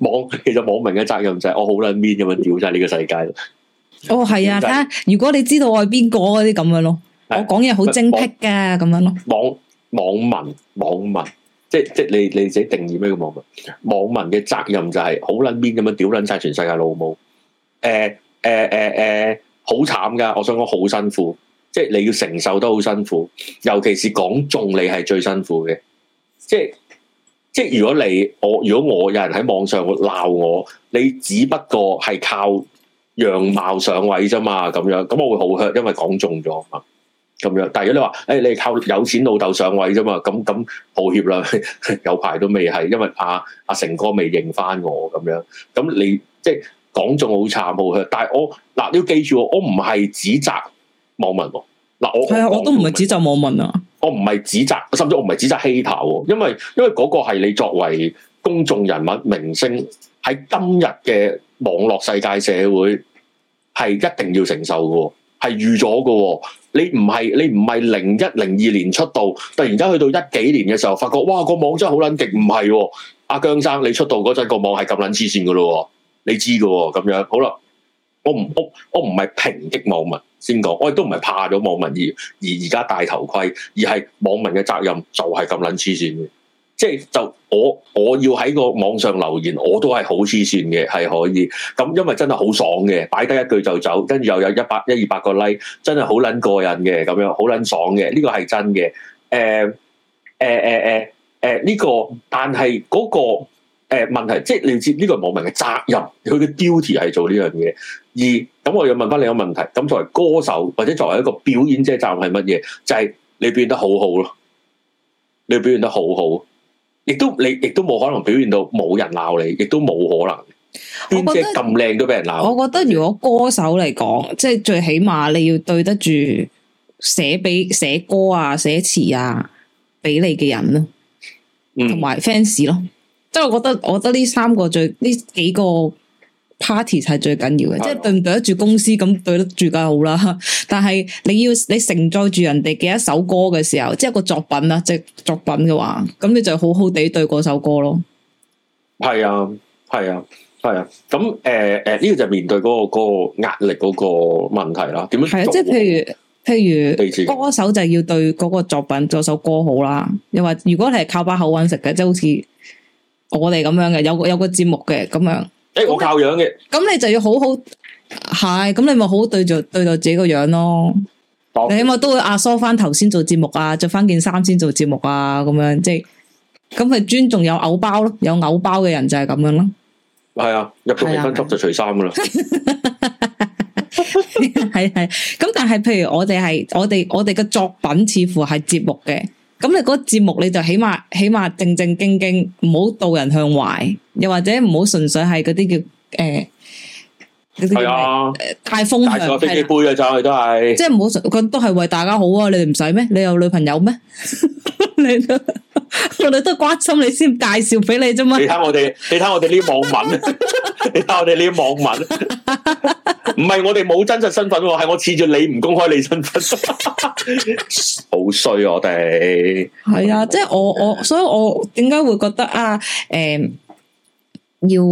網其實網民嘅責任就係、是、我好捻面咁樣屌晒呢個世界咯。哦係啊，睇、就、下、是、如果你知道我係邊個嗰啲咁樣咯，我講嘢好精闢㗎咁樣咯。網網，網，網民網民，即係即係你你自己定義咩叫網民？網民嘅責任就係好捻面咁樣屌捻晒全世界的老母。誒誒誒誒，好慘㗎！我想講好辛苦，即係你要承受得好辛苦，尤其是講中你係最辛苦嘅，即係。即係如果你我如果我有人喺網上鬧我，你只不過係靠樣貌上位啫嘛，咁樣咁我會好 hurt，因為講中咗啊，咁樣。但係如果你話，誒、欸，你係靠有錢老豆上位啫嘛，咁咁抱歉啦， 有排都未係，因為阿阿、啊啊、成哥未認翻我咁樣，咁你即係講中好慘，好 hurt。但係我嗱你、啊、要記住，我唔係指責網民。嗱，我係啊，我都唔係指責網民啊，我唔係指責，甚至我唔係指責 hater，因為因為嗰個係你作為公眾人物、明星喺今日嘅網絡世界社會係一定要承受嘅，係預咗嘅。你唔係你唔係零一零二年出道，突然間去到一幾年嘅時候，發覺哇，個網真係好撚極，唔係阿姜生你出道嗰陣個網係咁撚黐線噶咯，你知嘅咁樣，好啦，我唔我我唔係抨擊網民。先講，我哋都唔係怕咗網民而而而家戴頭盔，而係網民嘅責任就係咁撚黐線嘅，即係就我我要喺個網上留言，我都係好黐線嘅，係可以咁，因為真係好爽嘅，擺低一句就走，跟住又有一百一二百個 like，真係好撚過癮嘅，咁樣好撚爽嘅，呢個係真嘅，誒誒誒誒誒呢個，但係嗰個。誒，問題即係你知呢個網民嘅責任，佢嘅 duty 係做呢樣嘢。而咁，我要問翻你一個問題，咁作為歌手或者作為一個表演者，責任係乜嘢？就係、是、你表現得好好咯。你表現得好好，亦都你亦都冇可能表現到冇人鬧你，亦都冇可能，邊隻咁靚都俾人鬧。我覺得如果歌手嚟講，即、就、係、是、最起碼你要對得住寫俾寫歌啊、寫詞啊俾你嘅人咯，同埋 fans 咯、啊。嗯即係我覺得，我覺得呢三個最呢幾個 party 係最緊要嘅、啊，即係對唔對得住公司咁，對得住梗好啦。但係你要你承載住人哋嘅一首歌嘅時候，即係個作品啦，即係作品嘅話，咁你就好好地對嗰首歌咯。係啊，係啊，係啊。咁誒誒，呢、呃呃呢個就面對嗰、嗰個嗰、嗰個壓力嗰個問題啦。點樣係啊？即係譬如譬如，歌手就要對嗰個作品做首歌好啦。又或如果你係靠把口揾食嘅，即係好似。我哋咁樣嘅，有個有個節目嘅咁樣。誒、欸，我靠樣嘅，咁你就要好好係，咁你咪好好對住對住自己個樣咯。你起碼都會阿梳翻頭先做節目啊，着翻件衫先做節目啊，咁樣即係咁咪尊重有偶包咯，有偶包嘅人就係咁樣咯、啊。係啊，入咗微分級就除衫噶啦。係係、啊，咁 但係譬如我哋係我哋我哋嘅作品似乎係節目嘅。咁你嗰個節目，你就起碼起碼正正經經，唔好導人向壞，又或者唔好純粹係嗰啲叫誒。呃係啊，太風量係啊，飛機杯嘅咋，就都係即係唔好，佢都係為大家好啊！你哋唔使咩？你有女朋友咩？ 你都我哋都關心你先介紹俾你啫嘛！ 你睇我哋，你睇我哋呢啲網民， 你睇我哋呢啲網民，唔 係我哋冇真實身份，係我恃住你唔公開你身份，好 衰啊！我哋係 啊，即係我我，所以我點解會覺得啊？誒、呃，要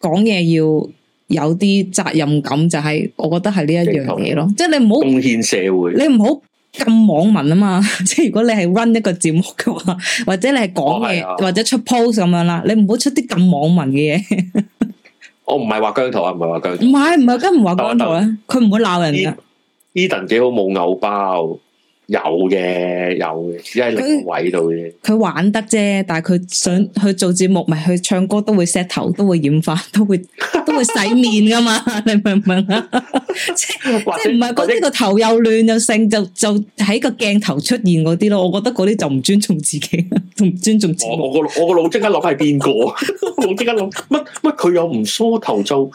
講嘢要。有啲責任感就係、是，我覺得係呢一樣嘢咯。即係你唔好貢獻社會，你唔好咁網民啊嘛。即係如果你係 run 一個節目嘅話，或者你係講嘢，或者出 post 咁樣啦，你唔好出啲咁網民嘅嘢 。我唔係話姜濤啊，唔係話姜，唔係唔係，梗唔話姜濤咧，佢唔會鬧人嘅。E, Eden 幾好冇偶包。有嘅，有嘅，只係立位度嘅。佢玩得啫，但係佢想去做節目，咪去唱歌，都會 set 頭，都會染髮，都會都會洗面噶嘛？ 你明唔明啊？ 即係即係唔係嗰啲個頭又亂又性，就就喺個鏡頭出現嗰啲咯。我覺得嗰啲就唔尊重自己，唔 尊重自己。我我個我個腦即刻諗係邊個啊？我即刻諗乜乜？佢 又唔梳頭就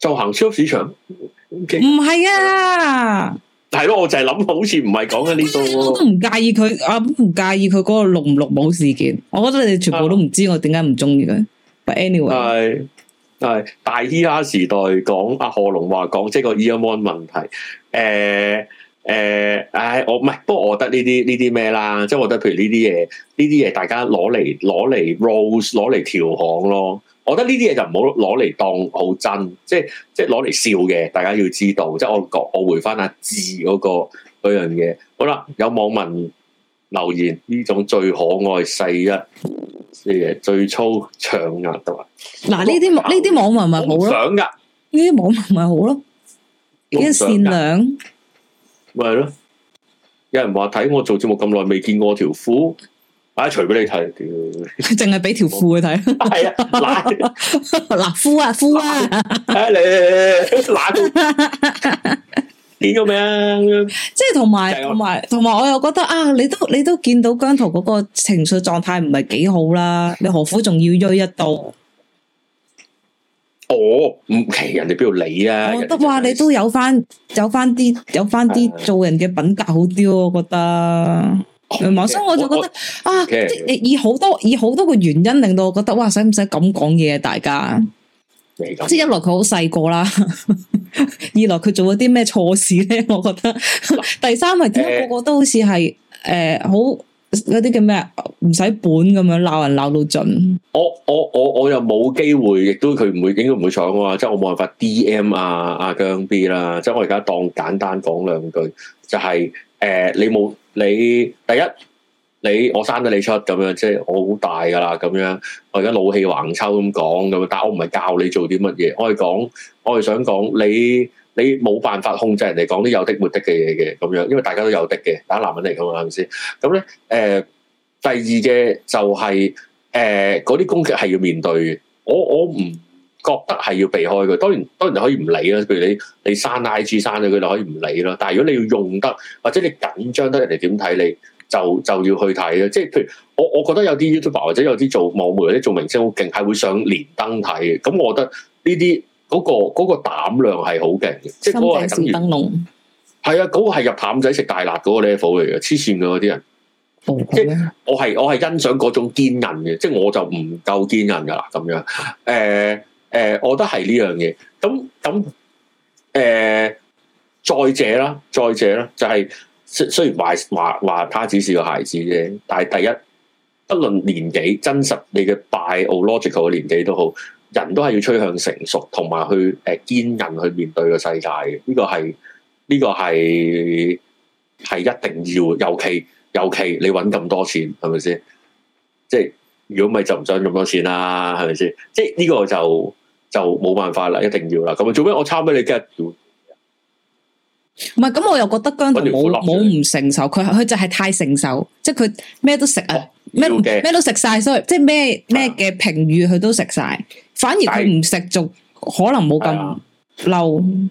就行超市場？唔、okay。唔係啊！ 係咯，我就係諗好似唔係講緊呢度。我都唔介意佢，啊唔介意佢嗰個錄唔錄冇事件。我覺得你哋全部都唔知道我點解唔中意佢。But anyway，係係大 Era 時代講阿何龍話講，即係、就是、個 Era One 問題。誒、呃、誒，唉、呃哎，我唔係，不過我覺得呢啲呢啲咩啦，即係我覺得，譬如呢啲嘢，呢啲嘢大家攞嚟攞嚟 rose，攞嚟調行咯。我覺得呢啲嘢，就唔好攞嚟當好真，即係即係攞嚟笑嘅。大家要知道，即係我講我回翻，阿志嗰個嗰樣嘢。好啦，有網民留言呢種最可愛細一嘅最粗的長壓度。嗱，呢啲呢啲網民咪好咯，想噶？呢啲網民咪好咯，咁善良咪係咯？有人話睇我做節目咁耐未見過條褲。唉，除俾你睇，屌！淨係俾條褲佢睇，係啊，嗱，嗱，褲啊，褲啊，哎呀，哎呀你懶到邊個名？即係同埋，同埋，同埋，我又覺得啊，你都你都見到姜濤嗰個情緒狀態唔係幾好啦，你何苦仲要追一刀？哦，唔、哦、奇人哋邊度理啊，你啊？我覺得哇，你都有翻有翻啲有翻啲做人嘅品格好啲，我覺得。所以我就覺得啊，即係以好多以好多個原因令到我覺得哇，使唔使咁講嘢？大家即係一來佢好細個啦， 二來佢做咗啲咩錯事咧？我覺得、啊、第三係點解個個都好似係誒好嗰啲叫咩？唔、欸、使本咁樣鬧人鬧到盡。我我我我又冇機會，亦都佢唔會應該唔會搶我、就是、啊！即係我冇辦法 D M 啊阿、啊、姜 B 啦！即、就、係、是、我而家當簡單講兩句，就係、是。誒、呃，你冇你第一，你我生得你出咁樣，即係我好大噶啦，咁樣我而家老氣橫秋咁講咁，但係我唔係教你做啲乜嘢，我係講，我係想講你你冇辦法控制人哋講啲有的沒的嘅嘢嘅，咁樣，因為大家都有的嘅，打男人嚟講係咪先？咁咧，誒、呃，第二嘅就係、是，誒、呃，嗰啲攻擊係要面對嘅，我我唔。覺得係要避開佢，當然當然可以唔理啦。譬如你你刪 IG 刪咗佢，他就可以唔理啦。但係如果你要用得，或者你緊張得人哋點睇你，就就要去睇啦。即係譬如我我覺得有啲 YouTuber 或者有啲做網媒或者做明星好勁，係會上連登睇嘅。咁我覺得呢啲嗰個嗰、嗰個、膽量係好勁嘅，即係心態似燈籠。係、那個、啊，嗰、嗰個係入譚仔食大辣嗰個 level 嚟嘅，黐線嘅嗰啲人。即係我係我係欣賞嗰種堅韌嘅，即係我就唔夠堅韌噶啦咁樣。誒、欸。誒、呃，我覺得係呢樣嘢。咁咁，誒、呃，再者啦，再者啦，就係、是、雖雖然話話話，他只是個孩子啫。但係第一，不論年紀，真實你嘅 biological 嘅年紀都好，人都係要趨向成熟，同埋去誒堅韌去面對個世界嘅。呢、這個係呢、這個係係一定要，尤其尤其你搵咁多錢，係咪先？即係如果咪就唔想咁多錢啦，係咪先？即係呢、這個就。就冇辦法啦，一定要啦。咁做咩？我差俾你嘅，唔係咁我又覺得姜就冇冇唔成熟，佢佢就係太成熟，即係佢咩都食啊，咩、哦、咩都食晒，所以即係咩咩嘅評語佢都食晒。反而佢唔食，仲可能冇咁嬲。誒，一、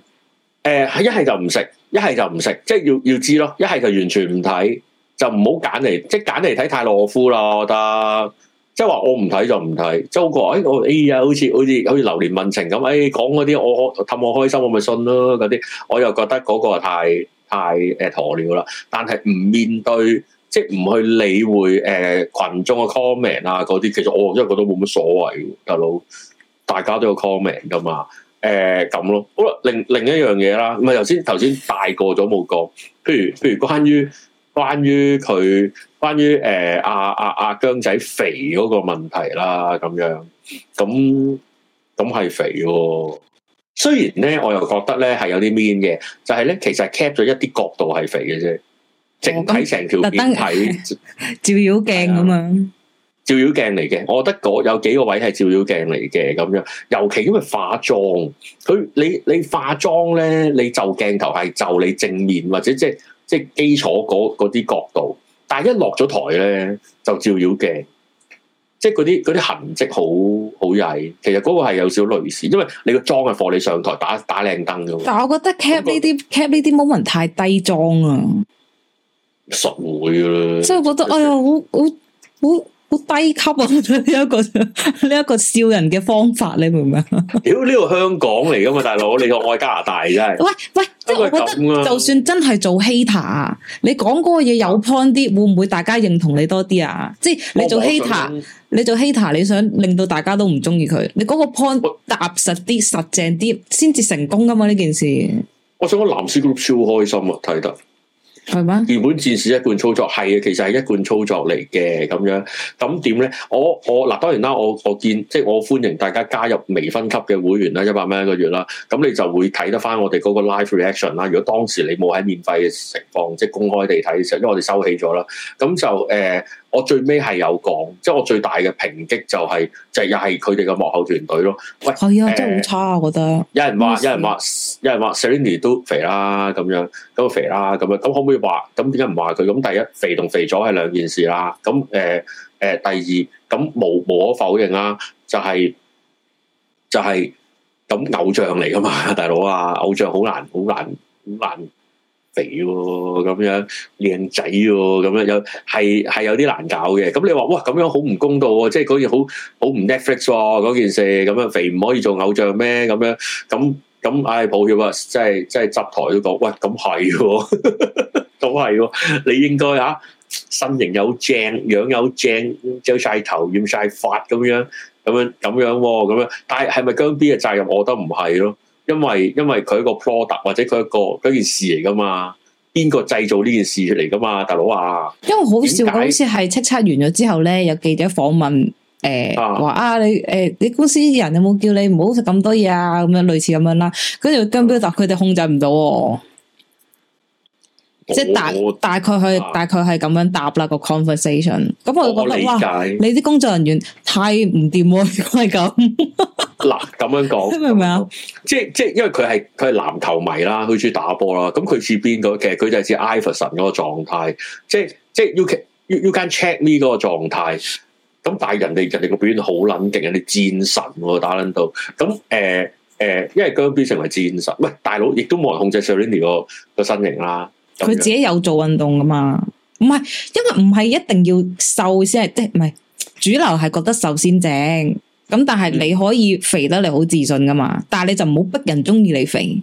呃、係就唔食，一係就唔食，即係要要知咯。一係就完全唔睇，就唔好揀嚟，即係揀嚟睇太懦夫咯，我覺得。即係話我唔睇就唔睇，周國誒我哎呀，好似好似好似流年問情咁，誒講嗰啲我氹我開心我，我咪信咯嗰啲。我又覺得嗰個太太誒鴕鳥啦，但係唔面對即係唔去理會誒、呃、群眾嘅 comment 啊嗰啲，其實我真係覺得冇乜所謂大佬，大家都有 comment 噶嘛誒咁、呃、咯。好啦，另另一樣嘢啦，唔係頭先頭先大個咗冇講，譬如譬如關於關於佢。關於誒阿阿阿姜仔肥嗰個問題啦，咁樣咁咁係肥的。雖然咧，我又覺得咧係有啲 mean 嘅，就係、是、咧其實係 cap 咗一啲角度係肥嘅啫。整體成條片睇照妖鏡咁樣，照妖鏡嚟嘅、啊。我覺得嗰有幾個位係照妖鏡嚟嘅，咁樣尤其因為化妝佢你你化妝咧，你就鏡頭係就你正面或者即即基礎嗰啲角度。但係一落咗台咧，就照妖鏡，即係嗰啲嗰啲痕跡好好曳。其實嗰個係有少少類似，因為你個妝係幫你上台打打靚燈嘅。但係我覺得 cap 呢啲 cap 呢啲 moment 太低裝啦，實會嘅啦。所以我覺得哎呀，好好。我。我我好低級啊！呢、這、一個呢一、這個笑人嘅方法，你明唔明？屌、這、呢個香港嚟噶嘛，大佬你個我加拿大， 真係。喂喂，即係我覺得、啊、就算真係做 hater，你講嗰個嘢有 point 啲，會唔會大家認同你多啲啊？即係你，你做 hater，你做 hater，你想令到大家都唔中意佢，你嗰個 point 踏實啲、實正啲，先至成功噶嘛、啊？呢件事。我想講藍絲 group 超開心啊，睇得。是原本戰士一貫操作係啊，其實係一貫操作嚟嘅咁樣。咁點咧？我我嗱，當然啦，我我見即係、就是、我歡迎大家加入微分級嘅會員啦，一百蚊一個月啦。咁你就會睇得返我哋嗰個 live reaction 啦。如果當時你冇喺免費嘅情況，即、就是、公開地睇嘅時候，因為我哋收起咗啦。咁就誒。呃我最尾係有講，即係我最大嘅抨擊就係、是、就又係佢哋嘅幕後團隊咯。喂，係、哎、啊、呃，真係好差，啊，我覺得。有人話，有人話，有人話 Selina 都肥啦咁樣，咁肥啦咁樣，咁可唔可以話？咁點解唔話佢？咁第一肥同肥咗係兩件事啦。咁誒誒，第二咁無無可否認啦，就係、是、就係、是、咁偶像嚟噶嘛，大佬啊，偶像好難好難好難。肥喎、啊，咁樣靚仔喎、啊，咁樣有係係有啲難搞嘅。咁你話哇，咁樣好唔公道喎、啊，即係嗰好好唔 Netflix 喎，嗰件事咁、啊、樣肥唔可以做偶像咩？咁樣咁咁唉抱歉啊，即係即係執台都講，喂咁係，都係、哦，你應該啊，身形有正，樣有正，走晒頭染晒髮咁樣，咁樣咁樣，咁樣、哦、樣，但係係咪姜 B 嘅責任？我覺得唔係咯。因為因為佢一個 product 或者佢一個件事嚟噶嘛，邊個製造呢件事出嚟噶嘛，大佬啊！因為好笑，好似係叱咤完咗之後咧，有記者訪問誒，話、欸、啊，啊你誒、欸，你公司啲人有冇叫你唔好食咁多嘢啊？咁樣類似咁樣啦，跟住姜表達佢哋控制唔到。即係大大概係大概係咁樣答啦，那個 conversation，咁我就覺得我理解哇，你啲工作人員太唔掂喎，係咁。嗱咁樣講，明唔明啊？即係即係因為佢係佢係籃球迷啦，佢中意打波啦。咁佢似邊個？其實佢就係似 Iverson 嗰個狀態，即係即係 you you you can't check me 嗰個狀態。咁但係人哋人哋個表演好捻勁啊，你戰神喎打捻到。咁誒誒，因為姜變成為戰神。喂，大佬亦都冇人控制 Shirley 個個身形啦，啊。佢自己有做運動噶嘛？唔係，因為唔係一定要瘦先係，即係唔係主流係覺得瘦先正。咁但係你可以肥得你好自信噶嘛？但係你就唔好逼人中意你肥。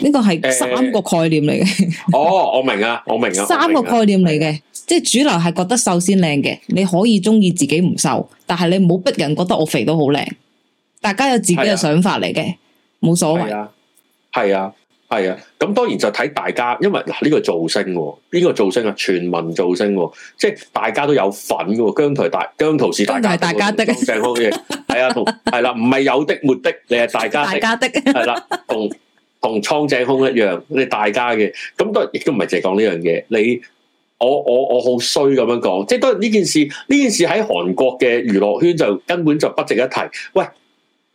呢個係三個概念嚟嘅、欸欸。哦，我明啊，我明啊，三個概念嚟嘅，即係主流係覺得瘦先靚嘅。你可以中意自己唔瘦，但係你唔好逼人覺得我肥都好靚。大家有自己嘅想法嚟嘅，冇所謂。係啊。是係啊，咁當然就睇大家，因為嗱呢、啊，這個造星，呢、這個造星啊？全民造星，即係大家都有份噶，姜濤大姜濤是大家的，正的，蒼井空嘅係啊，同係啦，唔係、啊、有的沒的，你係大家的係啦，同同蒼井空一樣，你是大家嘅，咁都亦都唔係淨係講呢樣嘢，你我我我好衰咁樣講，即係當然呢件事，呢件事喺韓國嘅娛樂圈就根本就不值一提。喂，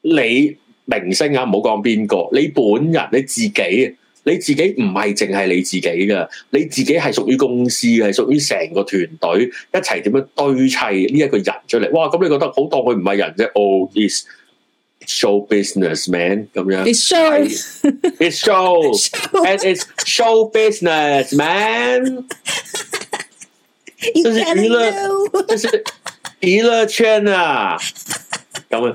你？明星啊，唔好講邊個，你本人你自己，你自己唔係淨係你自己噶，你自己係屬於公司嘅，係屬於成個團隊一齊點樣堆砌呢一個人出嚟。哇，咁你覺得好當佢唔係人啫？Oh, this show business man 咁樣。It's show, it's show, and it's show business man。就是娛樂，就是娛樂圈啊！請問？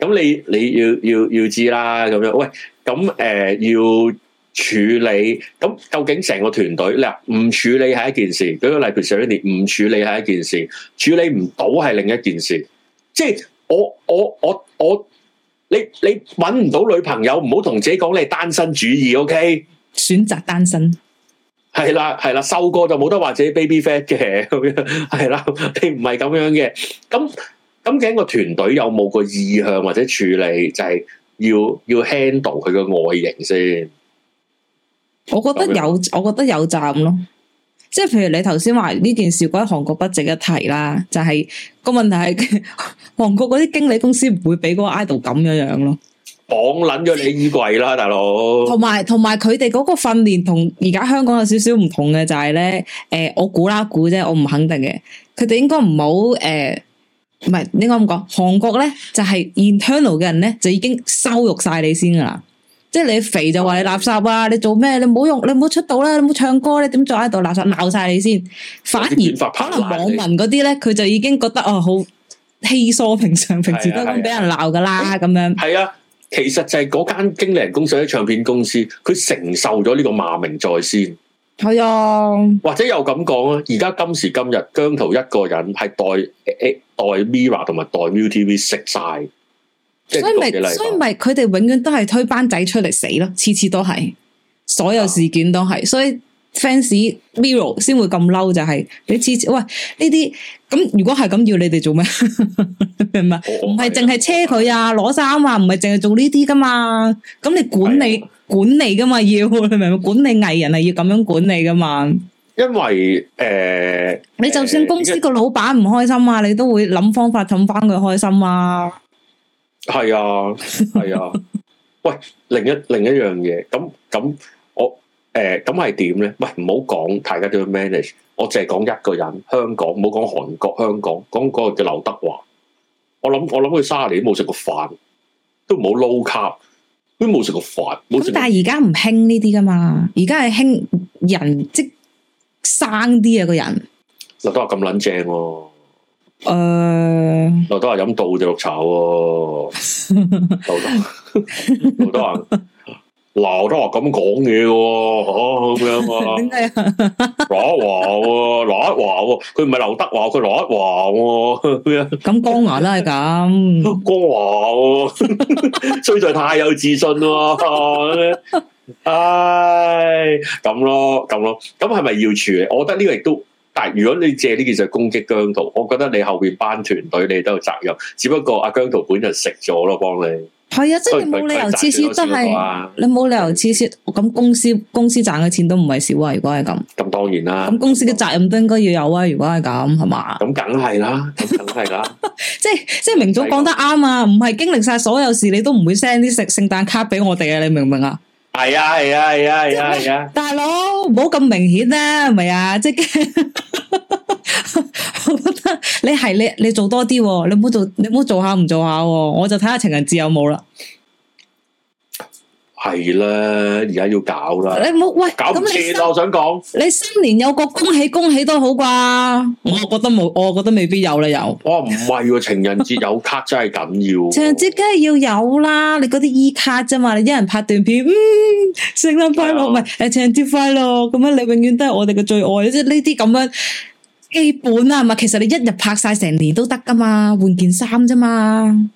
咁你你要要要知啦，咁樣喂，咁誒、呃、要處理，咁究竟成個團隊咧，唔處理係一件事，舉個例譬如上一年唔處理係一件事，處理唔到係另一件事，即係我我我我，你你揾唔到女朋友，唔好同自己講你係單身主義，O、okay? K？選擇單身，係啦係啦，瘦過就冇得話自己 baby fat 嘅，咁樣係啦，你唔係咁樣嘅，咁。咁究竟個團隊有冇個意向或者處理，就係要要 handle 佢個外形先。我覺得有，我覺得有站咯。即係譬如你頭先話呢件事，覺得韓國不值一提啦。就係個問題係韓國嗰啲經理公司唔會俾嗰個 idol 咁樣樣咯。綁捻咗你衣櫃啦，大佬。同埋同埋佢哋嗰個訓練同而家香港有少少唔同嘅，就係咧，誒，我估啦估啫，我唔肯定嘅。佢哋應該唔好誒。唔係，你應該咁講，韓國咧就係、是、internal 嘅人咧，就已經羞辱晒你先噶啦，即係你肥就話你垃圾啊，你做咩？你唔好用，你唔好出道啦，你唔好唱歌，你點坐喺度垃圾鬧晒你先，反而可能網民嗰啲咧，佢就已經覺得哦好稀疏平常，平時都咁俾人鬧噶啦，咁樣。係啊，啊其實就係嗰間經理人公司、唱片公司，佢承受咗呢個罵名在先。係啊，或者又咁講啊，而家今時今日，姜濤一個人係代代 Mirror 同埋代 ViuTV 食晒，所以咪所以咪佢哋永遠都係推班仔出嚟死咯，次次都係，所有事件都係，所以 fans Mirror 先會咁嬲就係、是、你次次喂呢啲。咁如果係咁要你哋做咩？ 明明唔係淨係車佢啊，攞、oh, 衫、yeah. 啊，唔係淨係做呢啲噶嘛？咁你管理、yeah. 管理噶嘛？要你明唔明？管理藝人係要咁樣管理噶嘛？因為誒、呃，你就算公司個老闆唔開心啊，呃、你，你都會諗方法氹翻佢開心啊。係啊，係啊。 喂，另一另一、呃、樣嘢，咁咁我誒咁係點咧？喂，唔好講，大家都要 manage。我淨係講一個人，香港唔好講韓國，香港講個叫劉德華。我諗我諗佢卅年都冇食過飯，都冇撈卡，都冇食過飯。咁但係而家唔興呢啲㗎嘛，而家係興人即生啲啊個人。劉、啊、德華咁撚正喎、啊，誒，劉德華飲到就綠茶喎、啊，劉德劉德華。劉德華咁講嘢嘅，吓咁樣啊？劉、啊啊啊啊、德華喎，劉德華喎，佢唔係劉德華，佢劉德華喎，咁江華都係咁，江華，衰在太有自信、啊 哎、咯。唉，咁咯，咁咯，咁係咪要處理？我覺得呢個亦都，但係如果你借呢件事攻擊姜濤，我覺得你後邊班團隊你都有責任。只不過阿姜濤本人食咗咯，幫你。係啊，即係冇理由次次都係、啊、你冇理由次次，咁公司公司賺嘅錢都唔係少啊。如果係咁，咁當然啦。咁公司嘅責任都應該要有啊。如果係咁，係嘛？咁梗係啦，梗係啦。即係即係明早講得啱啊！唔係經歷晒所有事，你都唔會 send 啲聖聖誕卡俾我哋啊！你明唔明啊？係啊係啊係啊係啊，啊，啊！大佬，唔好咁明顯啦，係咪啊？即係我覺得你係你你做多啲，啊，你唔好做你唔好做下唔做下，啊，我就睇下情人節有冇啦。係啦，而家要搞啦，你唔好喂，搞唔切啦！我想講，你新年有個恭喜恭喜都好啩，哦，我覺得冇，我覺得未必有啦，有。我唔係喎，情人節有卡 真係緊要。情人節梗係要有啦，你嗰啲 E 卡咋嘛？你一人拍段片，嗯，聖誕快樂，唔係，誒，情人節快樂，咁樣你永遠都係我哋嘅最愛，即係呢啲咁樣基本啊，唔係，其實你一日拍晒成年都得噶嘛，換件衫咋嘛。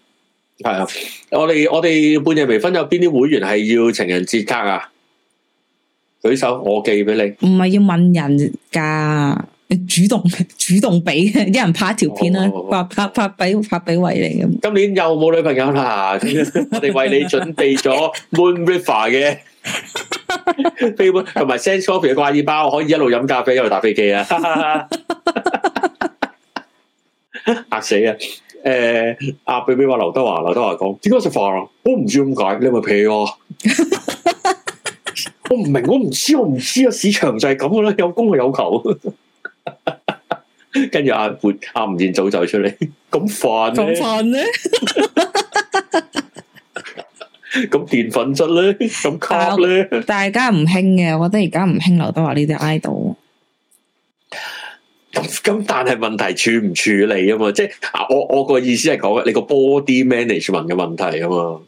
係啊！我哋我哋半夜微醺有邊啲會員係要情人節卡啊？舉手，我寄俾你。唔係要問人噶，主動主動俾，一人拍一條片啊、哦哦，拍拍拍，俾拍俾維你咁。今年又冇女朋友啦！ 我哋為你準備咗 Moon River 嘅飛同埋 Scent Coffee 嘅掛耳包，可以一路飲咖啡一路搭飛機啊！吓 死啊！誒、呃，阿比比話劉德華，劉德華講點解食飯咯？我唔知點解，你咪屁、啊、 我不。我唔明，我唔知，我唔知個市場就係咁嘅啦，有供係有求。跟 住阿阿吳建祖走出嚟，咁飯咧？咁澱、 嗯、粉質咧？咁、嗯、卡咧？大家唔興嘅，我覺得而家唔興劉德華呢啲 idol。咁但係問題處唔處理啊嘛，即係啊，我我個意思係講你個 body management 嘅問題啊嘛，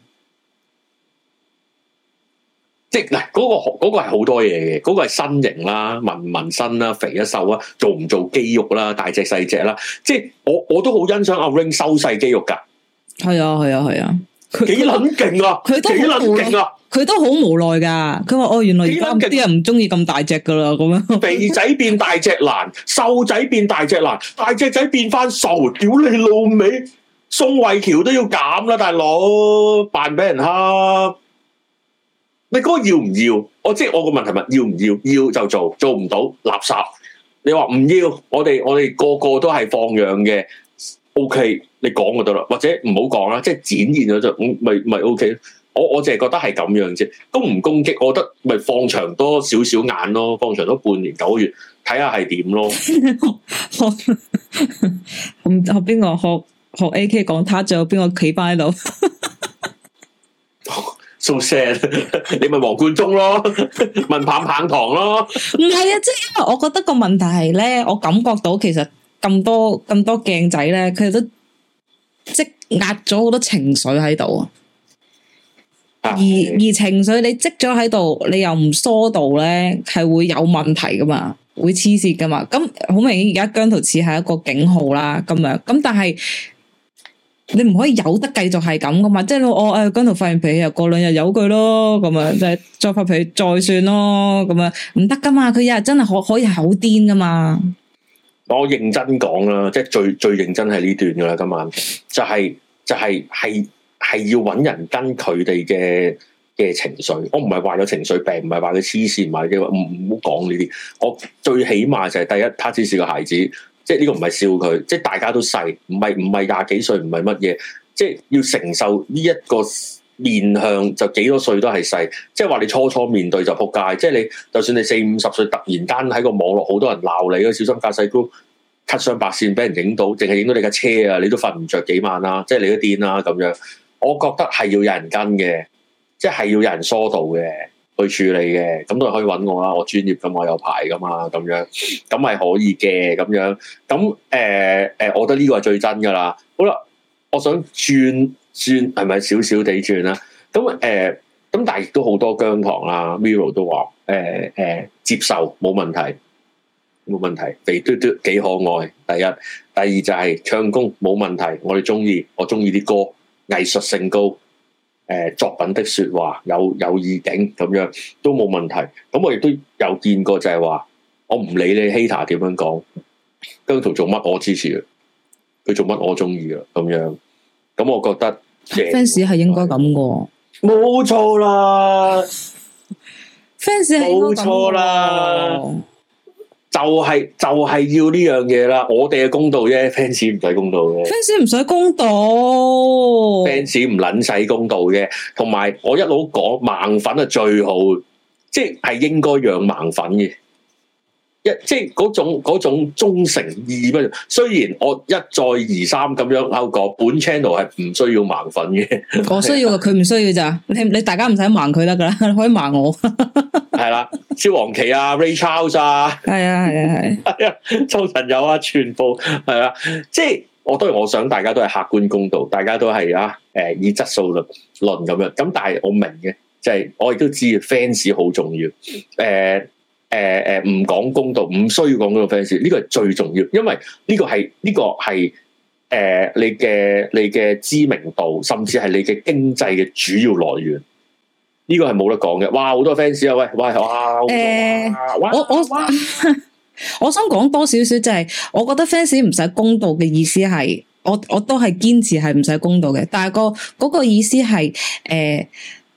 即係嗱嗰個嗰個係好多嘢嘅，嗰個係身形啦、紋唔紋身啦、肥一瘦啊、做唔做肌肉啦、大隻細隻啦，即係我我都好欣賞阿 Ring 收細肌肉噶，係啊係啊係啊。幾捻勁啊！佢都幾捻勁啊！佢都好無奈噶。佢話哦，原來而家啲人唔中意咁大隻噶啦。咁樣肥仔變大隻難，瘦仔變大隻難，大隻仔變翻瘦。屌你老味，宋慧喬都要減啦，大佬扮俾人蝦。你哥要唔要？我即係我個問題咪要唔要？要就做，做唔到垃圾。你話唔要？我哋我哋個個都係放養嘅。O、okay, K，你講就得啦，或者唔好講啦，即係展現咗就咪咪 O K 咯。我我淨係覺得係咁樣啫，攻唔攻擊，我覺得咪放長多少少眼咯，放長多半年九月睇下係點咯。學學學邊個學學 A K 講他，仲有邊個企翻喺度？So sad， 你咪黃冠中咯，問棒棒糖咯？唔 係啊，即係因為我覺得個問題係咧，我感覺到其實。咁多咁多鏡仔咧，佢哋都積壓咗好多情緒喺度啊。而而情緒你積咗喺度，你又唔疏導咧，係會有問題噶嘛，會黐線噶嘛。咁好明顯而家姜濤似係一個警號啦，咁樣咁但係你唔可以有得繼續係咁噶嘛，即係我誒姜濤發完脾氣啊，過兩日有佢咯，咁樣即係再發脾氣再算咯，咁樣唔得噶嘛，佢日日真係可可以好癲噶嘛。我認真講啦，即係最最認真係呢段噶啦，今晚就係、係、就係係係要揾人跟佢哋嘅嘅情緒。我唔係話有情緒病，唔係話你黐線，唔係嘅，唔唔好講呢啲。我最起碼就係第一，他只是個孩子，即係呢個唔係笑佢，即係大家都細，唔係唔係廿幾歲，唔係乜嘢，即係要承受呢一個。面向就幾多歲都係細，即係話你初初面對就撲街，即係你就算你四五十歲突然間喺個網絡好多人鬧你，小心駕駛都 cut 上白線，俾人影到，淨係影到你架車啊，你都瞓唔着幾晚啦，即係你都癲啦咁樣。我覺得係要有人跟嘅，即係要有人疏導嘅，去處理嘅，咁都係可以揾我啦，我專業噶，我有牌噶嘛，咁樣咁係可以嘅，咁樣咁誒誒，我覺得呢個係最真噶啦。好啦，我想轉。轉係咪少少地轉啦？咁誒，咁、欸、但係亦都好多姜糖啊 Mirror 都話誒誒，接受冇問題，冇問題。肥嘟嘟幾可愛。第一，第二就係唱功冇問題，我哋中意，我中意啲歌，藝術性高。誒、欸，作品的說話有有意境咁樣都冇問題。咁我亦都有見過就，就係話我唔理你 Hater 點樣講，姜糖做乜我支持，佢做乜我中意啦。咁樣，咁我覺得。fans 係應該咁嘅，冇錯啦。fans 係應該咁嘅，就係就係要呢樣嘢啦。我哋嘅公道啫，fans 唔使公道嘅，fans 唔使公道，fans 唔捻使公道嘅。同埋我一路講盲粉係最好，即係應該讓盲粉嘅。即係嗰種嗰種忠誠意味，雖然我一再而三咁樣講過，本 channel 係唔需要盲粉嘅，我需要嘅，佢 唔需要咋？你你大家唔使盲佢得噶啦，你可以盲我係啦，肖黃旗啊，Ray Charles 啊，係啊係啊係，周晨 友啊，全部係啦。即係我當然我想大家都係客觀公道，大家都係啊，誒、呃、以質素論論咁樣。咁但係我明嘅就係、是、我亦都知 fans 好重要，誒、呃。誒、呃、誒，唔、呃、講公道，唔需要講嗰個 fans，呢個係最重要，因為呢個係呢、這個係誒、呃、你嘅你嘅知名度，甚至係你嘅經濟嘅主要來源。呢、這個係冇得講嘅。哇，好多 fans 啊！喂喂，哇！誒、呃，我我，我， 我想講多少少、就是，就係我覺得 fans 唔使公道嘅意思係，我我都係堅持係唔使公道嘅，但係個、那個意思係誒、呃，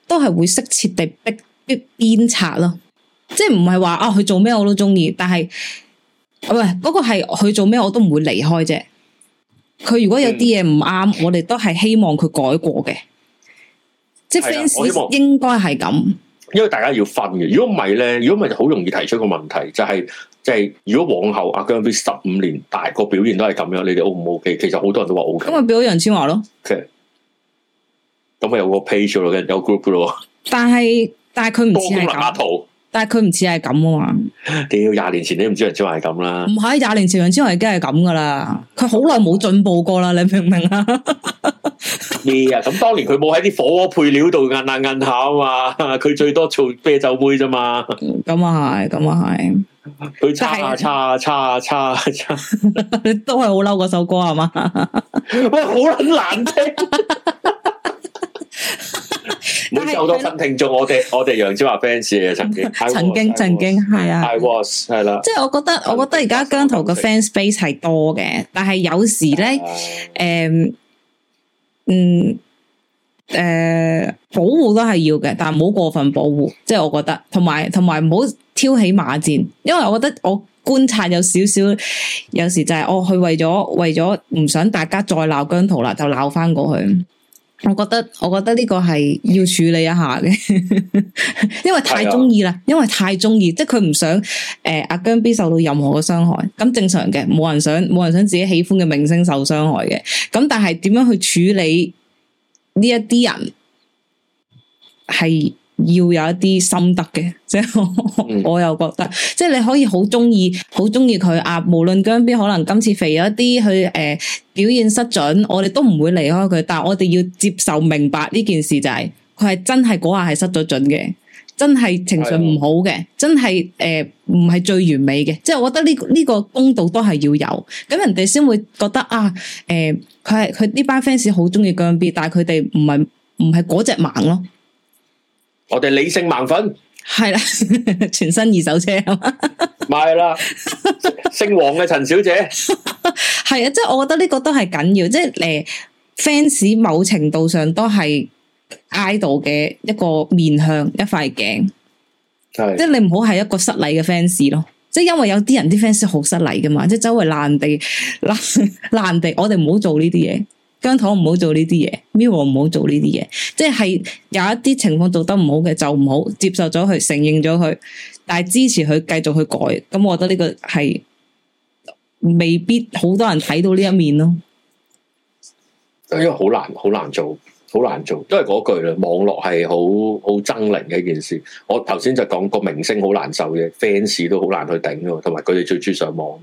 都係會適切地逼鞭策咯。即係唔係話啊佢做咩我都中意，但係唔係嗰個係佢做咩我都唔會離開啫。佢如果有啲嘢唔啱，我哋都係希望佢改過嘅。即係 fans 是應該係咁。因為大家要分嘅，如果唔係咧，如果唔係就好容易提出一個問題，就係即係如果往後阿姜 B 十五年大個表現都係咁樣，你哋 O 唔 O K？其實好多人都話 O K。咁咪表楊千嬅咯。咁、okay。咪有個 page 咯，有 group 咯。但係但係佢唔似係咁。但係佢唔似係咁啊嘛，屌廿年前你都唔知楊千嬅係咁啦，唔係廿年前楊千嬅已經係咁噶啦，佢好耐冇進步過啦，你明唔明、 yeah, 啊，啊？咩啊？咁當年佢冇喺啲火鍋配料度硬硬硬下啊嘛，佢最多做啤酒妹啫嘛。咁啊係，咁啊係。佢差啊差啊差啊差啊差，都係好嬲嗰首歌係嘛？喂，好 撚難聽！ 好多新聽眾，我哋我哋楊千嬅 fans 嘅曾經，曾經 I was, I was, 曾經係啊，I 係啦、啊。即、就、係、是、我覺得，我覺得而家姜濤嘅 fans base 係多嘅、嗯，但係有時咧，誒嗯誒、嗯呃、保護都係要嘅，但唔好過分保護，即、就、係、是、我覺得。同埋同埋唔好挑起馬戰，因為我覺得我觀察有少少，有時就係我佢為咗為咗唔想大家再鬧姜濤啦，就鬧翻過去。我覺得我覺得呢個係要處理一下嘅， 因為太中意啦，啊、因為太中意，即係佢唔想誒阿、呃、姜 B 受到任何嘅傷害。咁正常嘅，冇人想冇人想自己喜歡嘅明星受傷害嘅。咁但係點樣去處理呢一啲人係？是要有一啲心得嘅，即 係我又覺得，嗯、即係你可以好中意，好中意佢啊！無論姜 b 可能今次肥咗一啲，佢誒、呃、表現失準，我哋都唔會離開佢，但係我哋要接受明白呢件事，就係，就係佢係真係嗰下係失咗準嘅，真係情緒唔好嘅，真係誒唔係最完美嘅。即係我覺得呢、呢、呢個公、呢個、道都係要有，咁人哋先會覺得啊，誒佢係佢呢班 fans 好中意姜 b 但係佢哋唔係唔係嗰隻盲咯。我哋理性盲粉係啦，全新二手車係咪？唔係啦，姓黃嘅陳小姐係啊，即 係我覺得呢個都係緊要，即係誒 fans 某程度上都係 idol 嘅一個面向一塊鏡，係即係你唔好係一個失禮嘅 fans 咯，即係因為有啲人啲 fans 好失禮噶嘛，即係周圍爛地爛爛地，地我哋唔好做呢啲嘢。姜糖唔好做呢啲嘢，Mirror 唔好做呢啲嘢，即係有一啲情況做得唔好嘅，就唔好接受咗佢，承認咗佢，但係支持佢繼續去改。咁我覺得呢個係未必好多人睇到呢一面咯。因為好難，好難做，好難做，都係嗰句啦。網絡係好好猙獰嘅一件事。我頭先就講個明星好難受嘅 fans 都好難去頂咯，同埋佢哋最中意上網。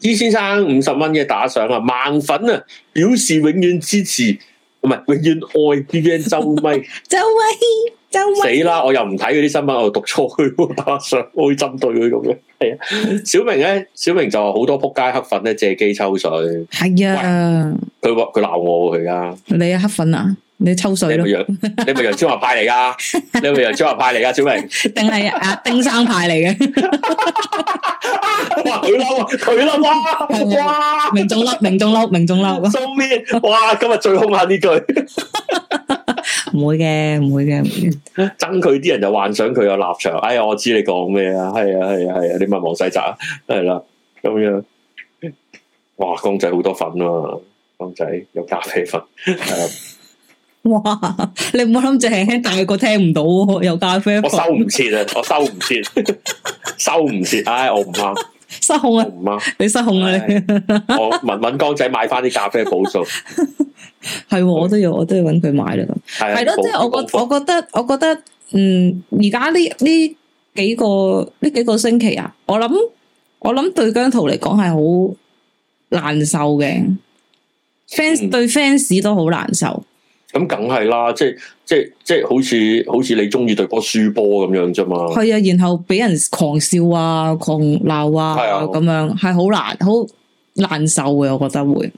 依先生五十蚊嘅打賞啊，盲粉啊，表示永遠支持，唔係永遠愛 VVN 周威 。周威，周威，死啦！我又唔睇嗰啲新聞，我讀錯佢打賞，我會針對佢咁樣。係啊， 小明咧，小明就話好多仆街黑粉咧，借機抽水，係 啊，佢話佢鬧我，佢而家你啊黑粉啊！你抽水咯！ 你咪由超華派嚟噶， 你咪由超華派嚟噶，小明定係阿丁生派嚟嘅？ 哇！佢嬲啊！佢嬲啊！ 哇！命中嬲，命中嬲，命中嬲！中面哇！ 今日最凶下呢句，唔 會嘅，唔會嘅。 憎佢啲人就幻想佢有立場。哎呀，我知你講咩啊？係啊，係啊，係啊！你問黃世澤啊？係啦，咁樣。哇！公仔好多粉啊！公仔有咖啡粉。 哇！你唔好諗住輕輕大個聽唔到，有咖啡我收唔切啊！我收唔切，收唔切， 唉，我唔啱，失控啊！唔啱，你失控啊！你 我問問姜仔買翻啲咖啡補數，係我都要，我都要搵佢買啦。係係咯，即係、就是、我覺，我覺，我覺得，我覺得，嗯，而家呢呢幾個呢幾個星期啊，我諗我諗對姜濤嚟講係好難受嘅，fans、嗯、對 fans 都好難受。咁梗係啦，即係即係即係，好似好似你中意對波輸波咁樣啫嘛。係啊，然後俾人狂笑啊，狂鬧啊，咁樣係好難好難受嘅，我覺得會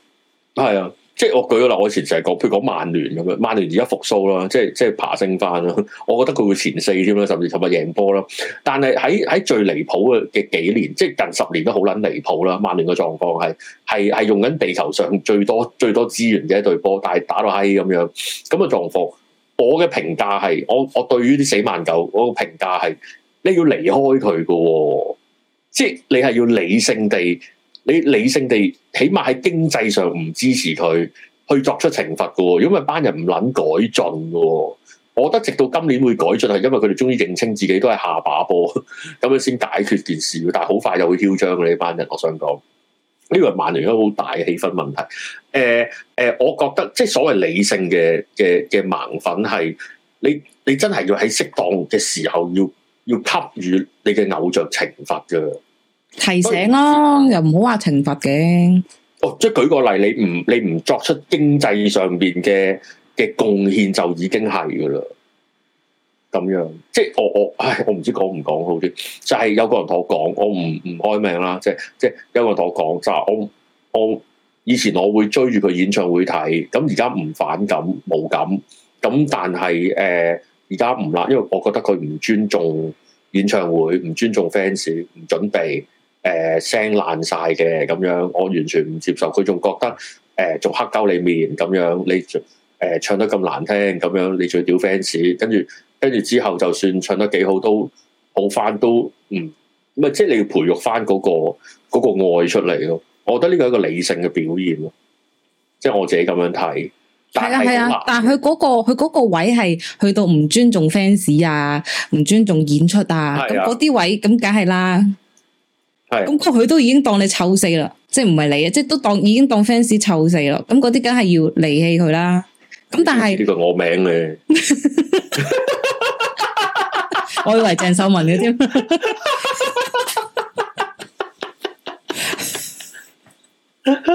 係啊。即係我舉咗啦，我以前成日講，譬如講曼聯咁樣，曼聯而家復甦啦，即係即係爬升翻啦。我覺得佢會前四添啦，甚至尋日贏波啦。但係喺喺最離譜嘅嘅幾年，即係近十年都好撚離譜啦。曼聯嘅狀況係係係用緊地球上最多最多資源嘅一隊波，但係打到閪咁樣，咁嘅狀況。我嘅評價係我我對於啲死曼九嗰個評價係你要離開佢㗎，即係你係要理性地。你理性地，起碼喺經濟上唔支持佢，去作出懲罰嘅。因為班人唔諗改進嘅，我覺得直到今年會改進，係因為佢哋終於認清自己都係下把波，咁樣先解決件事。但係好快就會囂張嘅呢班人。我想講呢、呢個係曼聯一個好大嘅氣氛問題。誒、呃、誒、呃，我覺得即係所謂理性嘅嘅嘅盲粉係你你真係要喺適當嘅時候要要給予你嘅偶像懲罰嘅。提醒咯，又唔好話懲罰嘅。哦，即係舉個例，你唔你唔作出經濟上邊嘅嘅貢獻，就已經係噶啦。咁樣，即係我我唉，我唔知講唔講好啲。就係有個人同我講，我唔唔開名啦。即係即係，因為同我講就係我我以前我會追住佢演唱會睇，咁而家唔反感冇感，咁但係誒而家唔啦，因為我覺得佢唔尊重演唱會，唔尊重 fans，唔準備。誒、呃，聲爛晒嘅咁樣，我完全唔接受。佢仲覺得誒，仲、呃、黑鳩你面咁樣，你誒、呃、唱得咁難聽咁樣，你最屌 fans。跟住跟住之後，就算唱得幾好都好翻，都唔、嗯、即係你要培育翻、嗰、嗰個嗰、嗰個愛出嚟咯。我覺得呢個係一個理性嘅表現咯，即係我自己咁樣睇。係啊係啊，啊但係佢嗰個佢嗰個位係去到唔尊重 fans 啊，唔尊重演出啊，咁嗰啲位咁梗係啦。係，咁佢都已經當你臭死啦，即係唔係你啊，即係都當已經當 fans 臭死啦，咁嗰啲梗係要離棄佢啦。咁但係呢、嗯，這個我名咧， 我以為鄭秀文嘅添，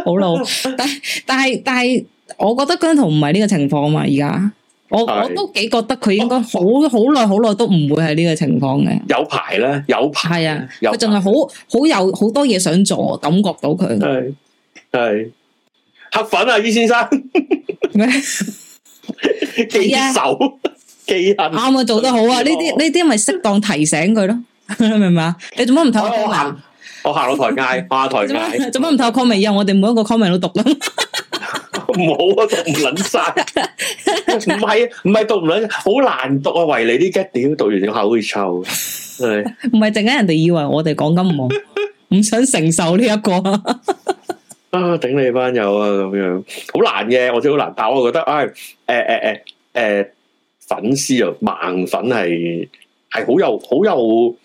好老，但係但係但係，我覺得姜濤唔係呢個情況啊嘛，而家。我我都幾覺得佢應該好好耐好耐都唔會係呢個情況嘅。有排呢？有排係啊，佢仲係好好有好多嘢，想做，感覺到佢係係黑粉啊，于先生， 記仇、啊、記恨，啱啊，做得好啊，呢啲呢啲咪適當提醒佢咯， 明唔明啊？你做乜唔睇 c o m 我行、哎、我行落台階，下台階，做乜唔睇 comment？以後我哋每一個 comment 都讀啦。 唔 好啊，讀唔卵晒，唔係啊，唔係讀唔卵，好難讀啊！為你啲 get 屌，讀完之後個口會臭，係唔係陣間人哋以為我哋講緊唔好，唔 想承受呢一個啊！頂你班友啊！咁、啊、樣好難嘅，我就好難打。但我覺得，唉、哎，誒誒誒誒，粉絲啊，盲粉係係好有好有，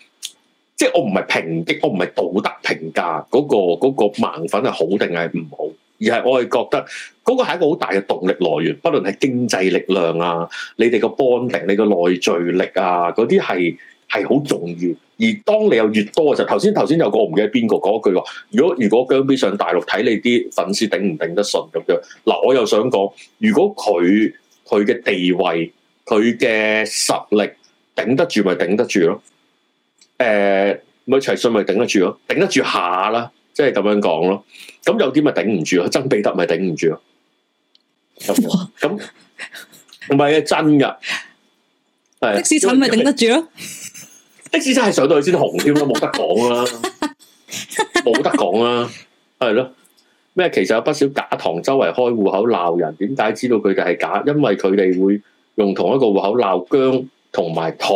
即係、就是、我唔係抨擊，我唔係道德評價嗰個、那個盲粉係好定係唔好。而係我係覺得嗰、嗰個係一個好大嘅動力來源，不論係經濟力量啊，你哋個 bonding 你個內聚力啊，嗰啲係係好重要。而當你有越多嘅時候，頭先頭先有個唔記得邊個講一句話，如果如果姜 B 上大陸睇你啲粉絲頂唔頂得順咁樣。嗱，我又想講，如果佢佢嘅地位、佢嘅實力頂得，得住，咪、呃、頂得住咯。誒，咪齊信咪頂得住咯，頂得住下啦。即係咁樣講咯，咁有啲咪頂唔住咯，曾比特咪頂唔住咯，咁， 唔係啊真噶，係 的士產咪頂得住咯， 因為 的士真係上到去先紅添咯，冇得講啦，冇 得講啦，係咯，咩其實有不少假糖周圍開戶口鬧人，點解知道佢哋係假？因為佢哋會用同一個戶口鬧姜同埋糖。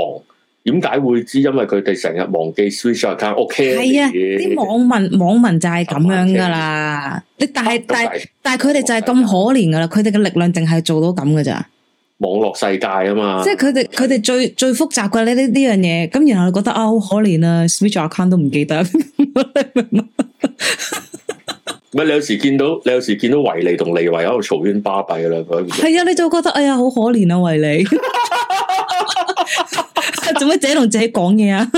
點解會知？因為佢哋成日忘記 switch account。OK，係啊，啲網民網民就係咁樣噶啦。你、啊、但係但係但佢哋就係咁可憐噶啦。佢哋嘅力量淨係做到咁噶咋。網絡世界啊嘛，即係佢哋佢哋最最複雜噶呢呢呢樣嘢。咁然後你覺得、嗯、啊好可憐啊，switch account 都唔記得。咪 你有時見到你有時見到維尼同利維喺度嘈冤巴閉啦，佢係啊，你就覺得哎呀好可憐啊，維尼。 做 乜自己同自己講嘢啊？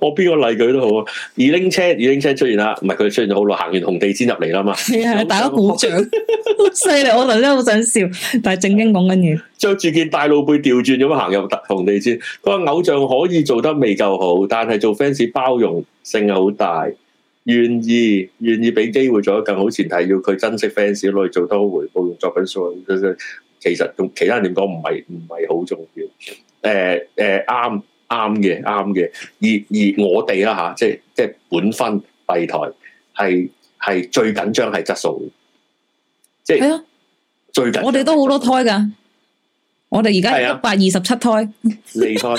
我邊個例舉都好啊！二拎車二拎車出現啦，唔係佢出現咗好耐，行完紅地毯入嚟啦嘛。係啊，大家鼓掌犀利， 我頭先好想笑，但係正經講緊嘢。着住件大路背調轉咁行入紅地毯，佢話偶像可以做得未夠好，但係做 fans 包容性係好大，願意願意俾機會做更好。前提要佢珍惜 fans，攞嚟做多回報，用作品說其實同其他人點講唔係唔係好重要，誒、欸、誒，啱啱嘅，啱嘅。而而我哋啦吓，即係即係本分，閉台，係係最緊張係質素，即係。係啊，最近我哋都好多胎㗎，我哋而家係一百二十七胎，四胎，啊。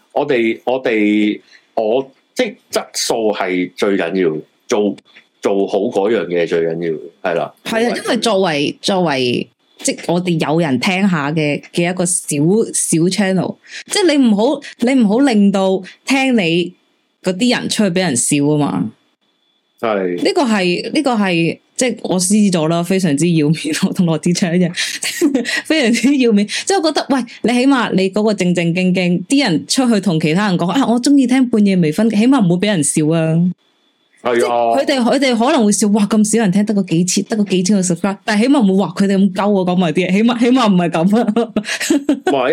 我哋我哋我，我即係質素係最緊要，做做好嗰樣嘢最緊要，係啦，啊。係啊，因為作為作為。即係我哋有人聽下嘅嘅一個小小 channel，即係你唔好你唔好令到聽你嗰啲人出去俾人笑啊嘛。係呢、這個係呢、這個係即係我知咗啦，非常之要面，我同樂之一樣非常之要，要面。即係我覺得喂，你起碼你嗰個正正經經啲人出去同其他人講啊，我中意聽半夜微醺，起碼唔會俾人笑啊。係啊，佢哋佢哋可能會笑，哇咁少人聽，得過幾千，得過幾千個 subscriber，但係起碼唔會話佢哋咁鳩啊，講埋啲嘢，起碼起碼唔係咁啊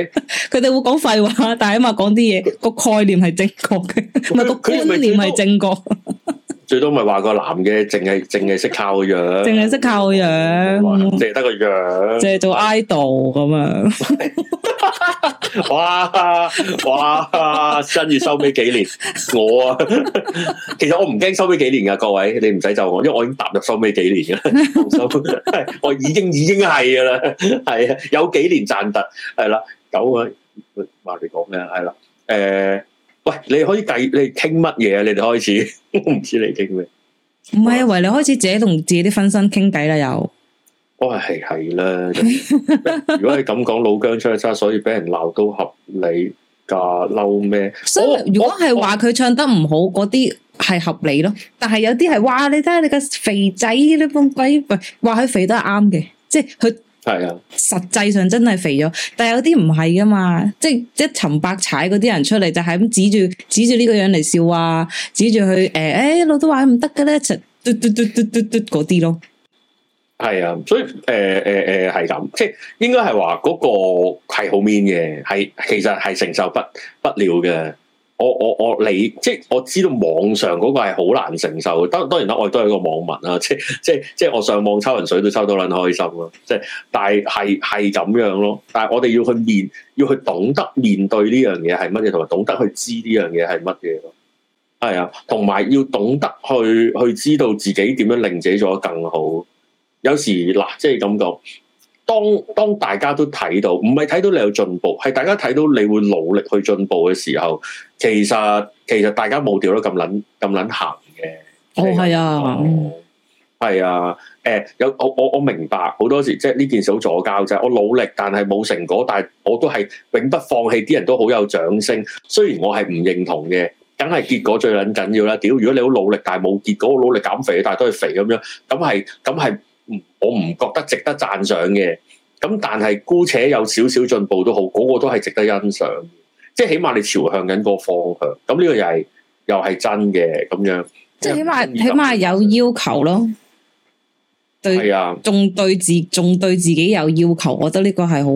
佢哋會講廢話，但係起碼講啲嘢個概念係正確嘅，唔係個觀念係正確。 最多咪話個男嘅淨係淨係識靠個樣，淨係識靠，樣，只靠樣，只是樣，淨係得個樣，淨係做 idol 咁樣。哇哇，真要收尾幾年，我啊，其實我唔驚收尾幾年噶，各位，你唔使咒我，因為我已經踏入收尾幾年噶啦， 我已經已經係噶啦，係啊，有幾年賺得係啦，九個話你講咩係啦，誒。呃喂你你、啊你你啊，你可以計你傾乜嘢啊？你哋開始，我唔知你傾咩。唔係啊，喂你開始自己同自己啲分身傾偈啦，又。哦、哎，係係啦， 如果你咁講，老姜出咗差，所以俾人鬧都合理噶，嬲咩？所以如果係話佢唱得唔好，嗰啲係合理咯。但係有啲係話你睇下你個肥仔呢咁鬼，唔係話佢肥都係啱嘅，即係佢。係啊，實際上真係肥咗，但係有啲唔係㗎嘛，即係一層白踩嗰啲人出嚟就係咁指住指住呢個樣嚟笑啊，指住佢誒誒一路都話唔得嘅，咧，就嘟嘟嘟嘟嘟嘟嗰啲咯。係啊，所以誒誒誒係咁，即係應該係話嗰個係好 mean 嘅，係其實係承受不不了嘅。我我我你即係我知道網上嗰個係好難承受，當當然啦，我亦都係一個網民啊。即係即係即係我上網抽人水都抽到卵開心咯，即係但係係係咁樣咯，但係我哋要去面，要去懂得面對呢樣嘢係乜嘢，同埋懂得去知呢樣嘢係乜嘢咯，係啊，同埋要懂得去去知道自己點樣令自己做得更好，有時嗱，即係咁講。當當大家都睇到，唔係睇到你有進步，係大家睇到你會努力去進步嘅時候，其實其實大家冇掉得咁捻咁捻行嘅。哦，係啊，係、嗯、啊，誒、欸，有我我我明白好多時，即係呢件事好左膠，就係我努力，但係冇成果，但係我都係永不放棄，啲人都好有掌聲，雖然我係唔認同嘅，梗係結果最捻緊要啦。屌，如果你好努力，但係冇結果，我努力減肥，但係都係肥咁樣，咁係咁係。我唔覺得值得讚賞嘅，咁但係姑且有少少進步都好，嗰個都係值得欣賞，即係起碼你朝向緊個方向，咁呢個又係又係真嘅咁樣。即係起碼起碼有要求咯，對，係啊，仲對，對自仲對自己有要求，我覺得呢個係好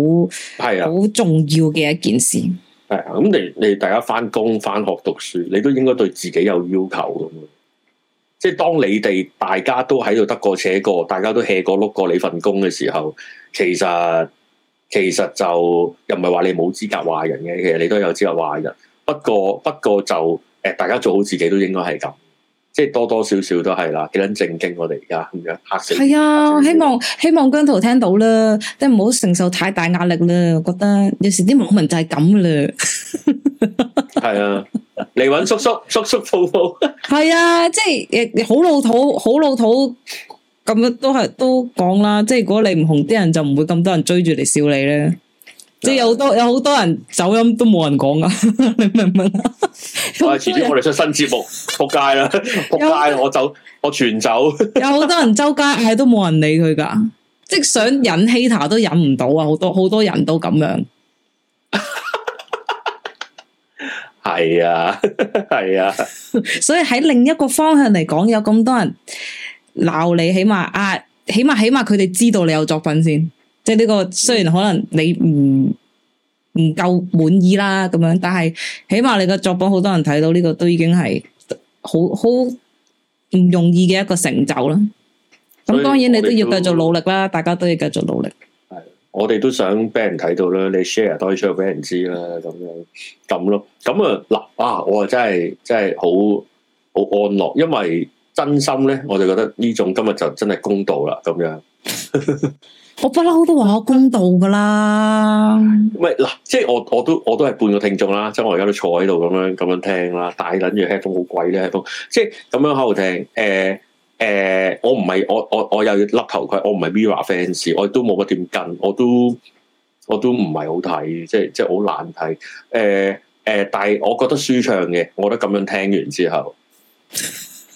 係好重要嘅一件事。係咁你你大家返工返學讀書，你都應該對自己有要求。即係當你哋大家都喺度得過且過，大家都 hea 過碌過你份工嘅時候，其實其實就又唔係話你冇資格話人嘅，其實你都有資格話人。不過不過就誒，大家做好自己都應該係咁，即係多多少少都係啦。幾捻正經我哋而家咁樣嚇死係啊！希望希望姜濤聽到啦，即係唔好承受太大壓力啦。我覺得有時啲網民就係咁啦，係 啊。.嚟揾叔叔，叔叔抱抱。係 啊，即係好老土，好老土咁樣都係都講啦。即係如果你唔紅，啲人就唔會咁多人追住嚟笑你咧。啊、即係有好多有好多人走音都冇人講噶， 你明唔明啊？啊！遲啲我哋出新節目扑街啦，扑街啦！我走，我全走。 有好多人周街嗌都冇人理佢噶，即係想引 hater 都引唔到啊！好多好多人都咁樣。 係啊，係啊， 所以喺另一個方向嚟講，有咁多人鬧你，起碼啊，起碼起碼佢哋知道你有作品先，即係呢個雖然可能你唔唔夠滿意啦，咁樣，但係起碼你個作品好多人睇到，呢個都已經係好好唔容易嘅一個成就啦。咁當然你都要繼續努力啦，大家都要繼續努力。我哋都想俾人睇到啦，你 share 多啲出俾人知啦，咁樣咁咯，咁啊嗱啊，我啊真係真係好好安樂，因為真心咧，我就覺得呢種今日就真係公道啦，咁樣。呵呵我不嬲都話我公道噶啦，唔係、啊、嗱、啊，即係我我都我都係半個聽眾啦，即係我而家都坐喺度咁樣咁樣聽啦，大捻住 headphone 好貴咧，headphone 即係咁樣喺度聽誒。欸誒、呃，我唔係我我我又笠頭盔，我唔係 Mirror fans，我都冇乜點跟，我都我都唔係好睇，即係即係好難睇。誒、呃、誒、呃，但係我覺得舒暢嘅，我覺得咁樣聽完之後，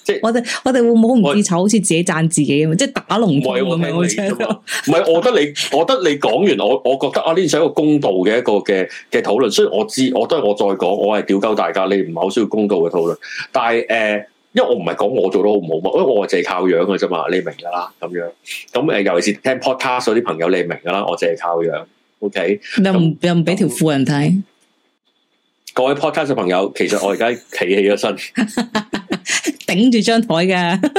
即係我哋我哋會冇唔知醜，好似自己贊自己咁，即係打龍咁樣唔係， 我覺得你完我覺得你講完，我我覺得啊呢，係一個公道嘅一個嘅嘅討論。雖然我知，我覺得我再講，我係屌鳩大家，你唔係好需要公道嘅討論。但係誒。呃因為我唔係講我做得好唔好嘛，因為我就係靠樣嘅啫嘛，你明噶啦，咁樣咁誒，尤其是聽 podcast 嗰啲朋友，你明噶啦，我借係靠樣，OK 你。又唔又唔俾條富人睇。各位 podcast 嘅朋友，其實我而家企起咗身，頂 住張台嘅，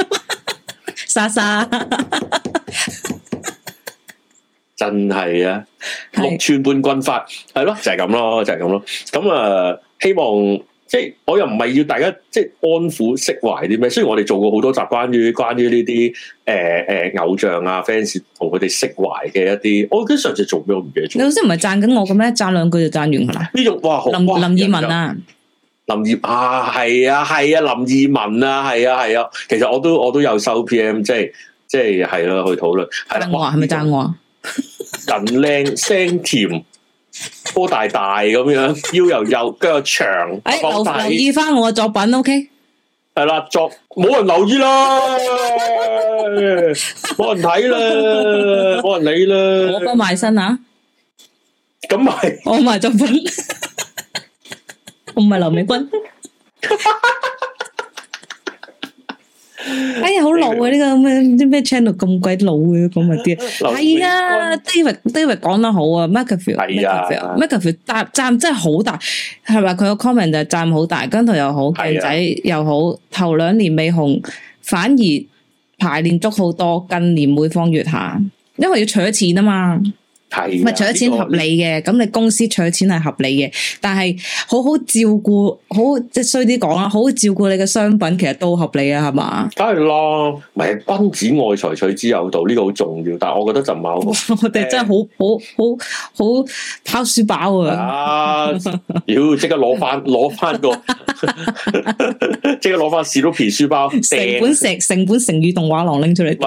莎莎，真係啊，六寸半軍法，係咯，就係咁咯，就係咁咯，咁啊、呃，希望。即係我又唔係要大家即係安撫釋懷啲咩？雖然我哋做過好多集關於關於呢啲誒誒偶像啊 fans 同佢哋釋懷嘅一啲，我跟上次做咩我唔記住得咗。你頭先唔係讚緊我嘅咩？讚兩句就讚完啦。呢、嗯、種嘩哇好林哇林二汶啊,啊,啊,啊，林二啊係啊係啊林二汶啊係啊係啊，其實我都我都有收 PM，即係、啊、即係係咯去討論。讚我係咪讚我、啊？人靚聲甜。波大大咁樣，腰又又，腳又長。哎、欸，留意翻我嘅作品，OK？係啦，作冇人留意啦，冇 人睇啦，冇人理啦。我唔賣身啊！咁咪我賣作品， 我唔係劉美君。 哎呀，好老嘅、啊、呢、 這個啲咩 channel 咁鬼老嘅咁嘅啲，係 啊，David，David 講 David, David 得好啊，McAfee，a 係啊，McAfee，、啊、站真係好大，係咪？佢個 comment 就是、站好大，跟頭又好，鏡仔又好、啊，頭兩年未紅，反而排練足好多，近年每況愈下，因為要取錢啊嘛。嗯。.唔係，除咗、這個、錢合理嘅，咁、這個、你公司取錢係合理嘅、這個，但係好好照顧、這個，好即係衰啲講啊，好好照顧你嘅商品，其實都合理啊，係嘛？梗係啦，唔係君子愛財取之有道，呢、這個好重要。但係我覺得就貓，我哋真係、欸、好好好好拋書包啊，啊！要即刻攞翻攞翻個，即 刻攞翻小皮書包，成本成本成本成語動畫廊拎出嚟，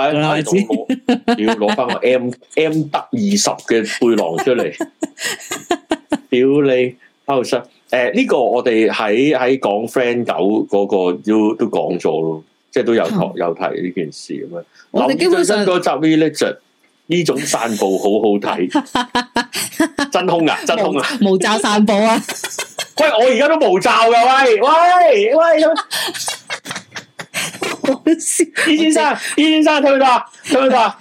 要攞翻個 M M 得二十。嘅背囊出嚟， 屌你阿盧生，誒、oh, 呢、so, 呃這個我哋喺喺講 friend 狗嗰、那個都都講咗咯，即、就、係、是、都有講、嗯、有提呢件事咁樣。我哋基本上嗰集 l i z a r d 呢種散步好好睇、 啊，真空啊真空啊， 無罩散步啊 喂。喂，我而家都無罩噶，喂喂喂，易 先生易 先生聽唔到？聽唔到？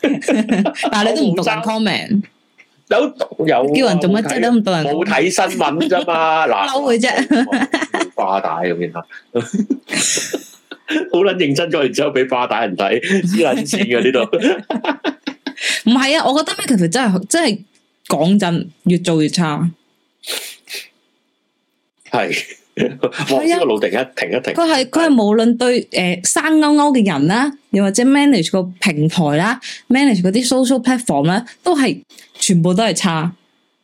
但係你都唔讀 comment，有有，有，有、啊、叫人做乜啫？咁多人冇睇新聞啫嘛，嗱，嬲佢啫。花大咁樣，好捻認真咗，然之後俾花大人睇，黐捻線嘅呢度。唔係 啊，我覺得咧其實真係真係講真，越做越差。係。 我知、這個路停一停一停是。佢係佢係無論對誒、呃、生勾勾嘅人啦，又或者 manage 個平台啦，manage 嗰啲 social platform 咧，都係全部都係差，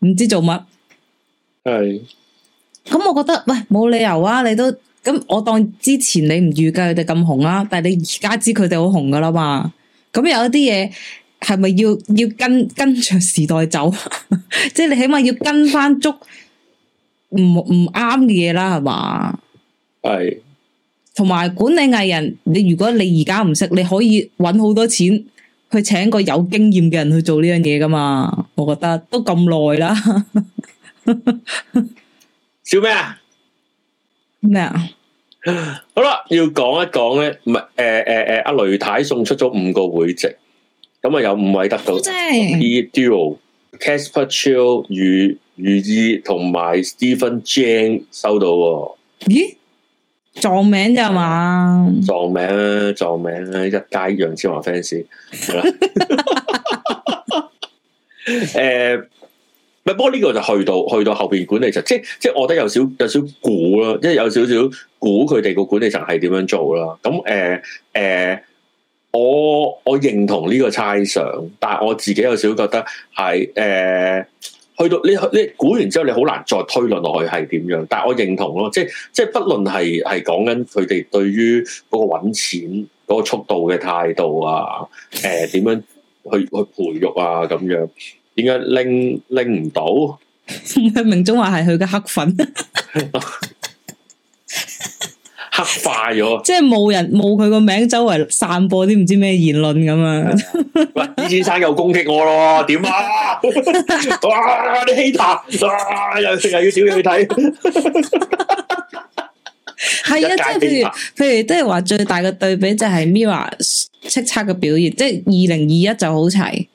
唔知做乜。係。咁我覺得喂，冇理由啊！你都咁，咁我當之前你唔預計佢哋咁紅啊，但係你而家知佢哋好紅噶啦嘛。咁有一啲嘢係咪要要跟跟著時代走？ 即係你起碼要跟翻足。唔唔啱嘅嘢啦，係嘛？係。同埋管理藝人，你如果你而家唔識，你可以揾好多錢去請個有經驗嘅人去做呢樣嘢噶嘛？我覺得都咁耐啦。笑咩啊？咩啊？好啦，要講一講咧，唔係誒誒誒，阿、呃呃呃、雷太送出咗五個會籍，咁啊有五位得到 P duo Casper Chill 與與二同埋 Stephen Chan 收到，嗯，咦？撞名咋嘛？撞名啊，撞名啊，一街楊千嬅 fans 係啦。誒，係，不過呢個就去到去到後邊管理層，即係即係，我覺得有少有少估啦，即係有少少估佢哋個管理層係點樣做啦。咁誒誒。欸欸我我認同呢個猜想，但係我自己有少少覺得係誒、呃，去到你你估完之後，你好難再推論落去係點樣。但係我認同咯，即係即係不論係係講緊佢哋對於嗰個揾錢嗰、嗰個速度嘅態度啊，誒、呃、點樣去去培育啊咁樣，點解拎拎唔到？ 明中話係佢嘅黑粉。 黑化咗，即係冇人冇佢個名，周圍散播啲唔知咩言論咁啊！李先生又攻擊我咯，點啊？哇、 啊！啲 hater 又要少嘢去睇，係 啊！一即係譬如，譬如即係話最大嘅對比就係 mirror 叱咤嘅表現，即係二零二一就好齊，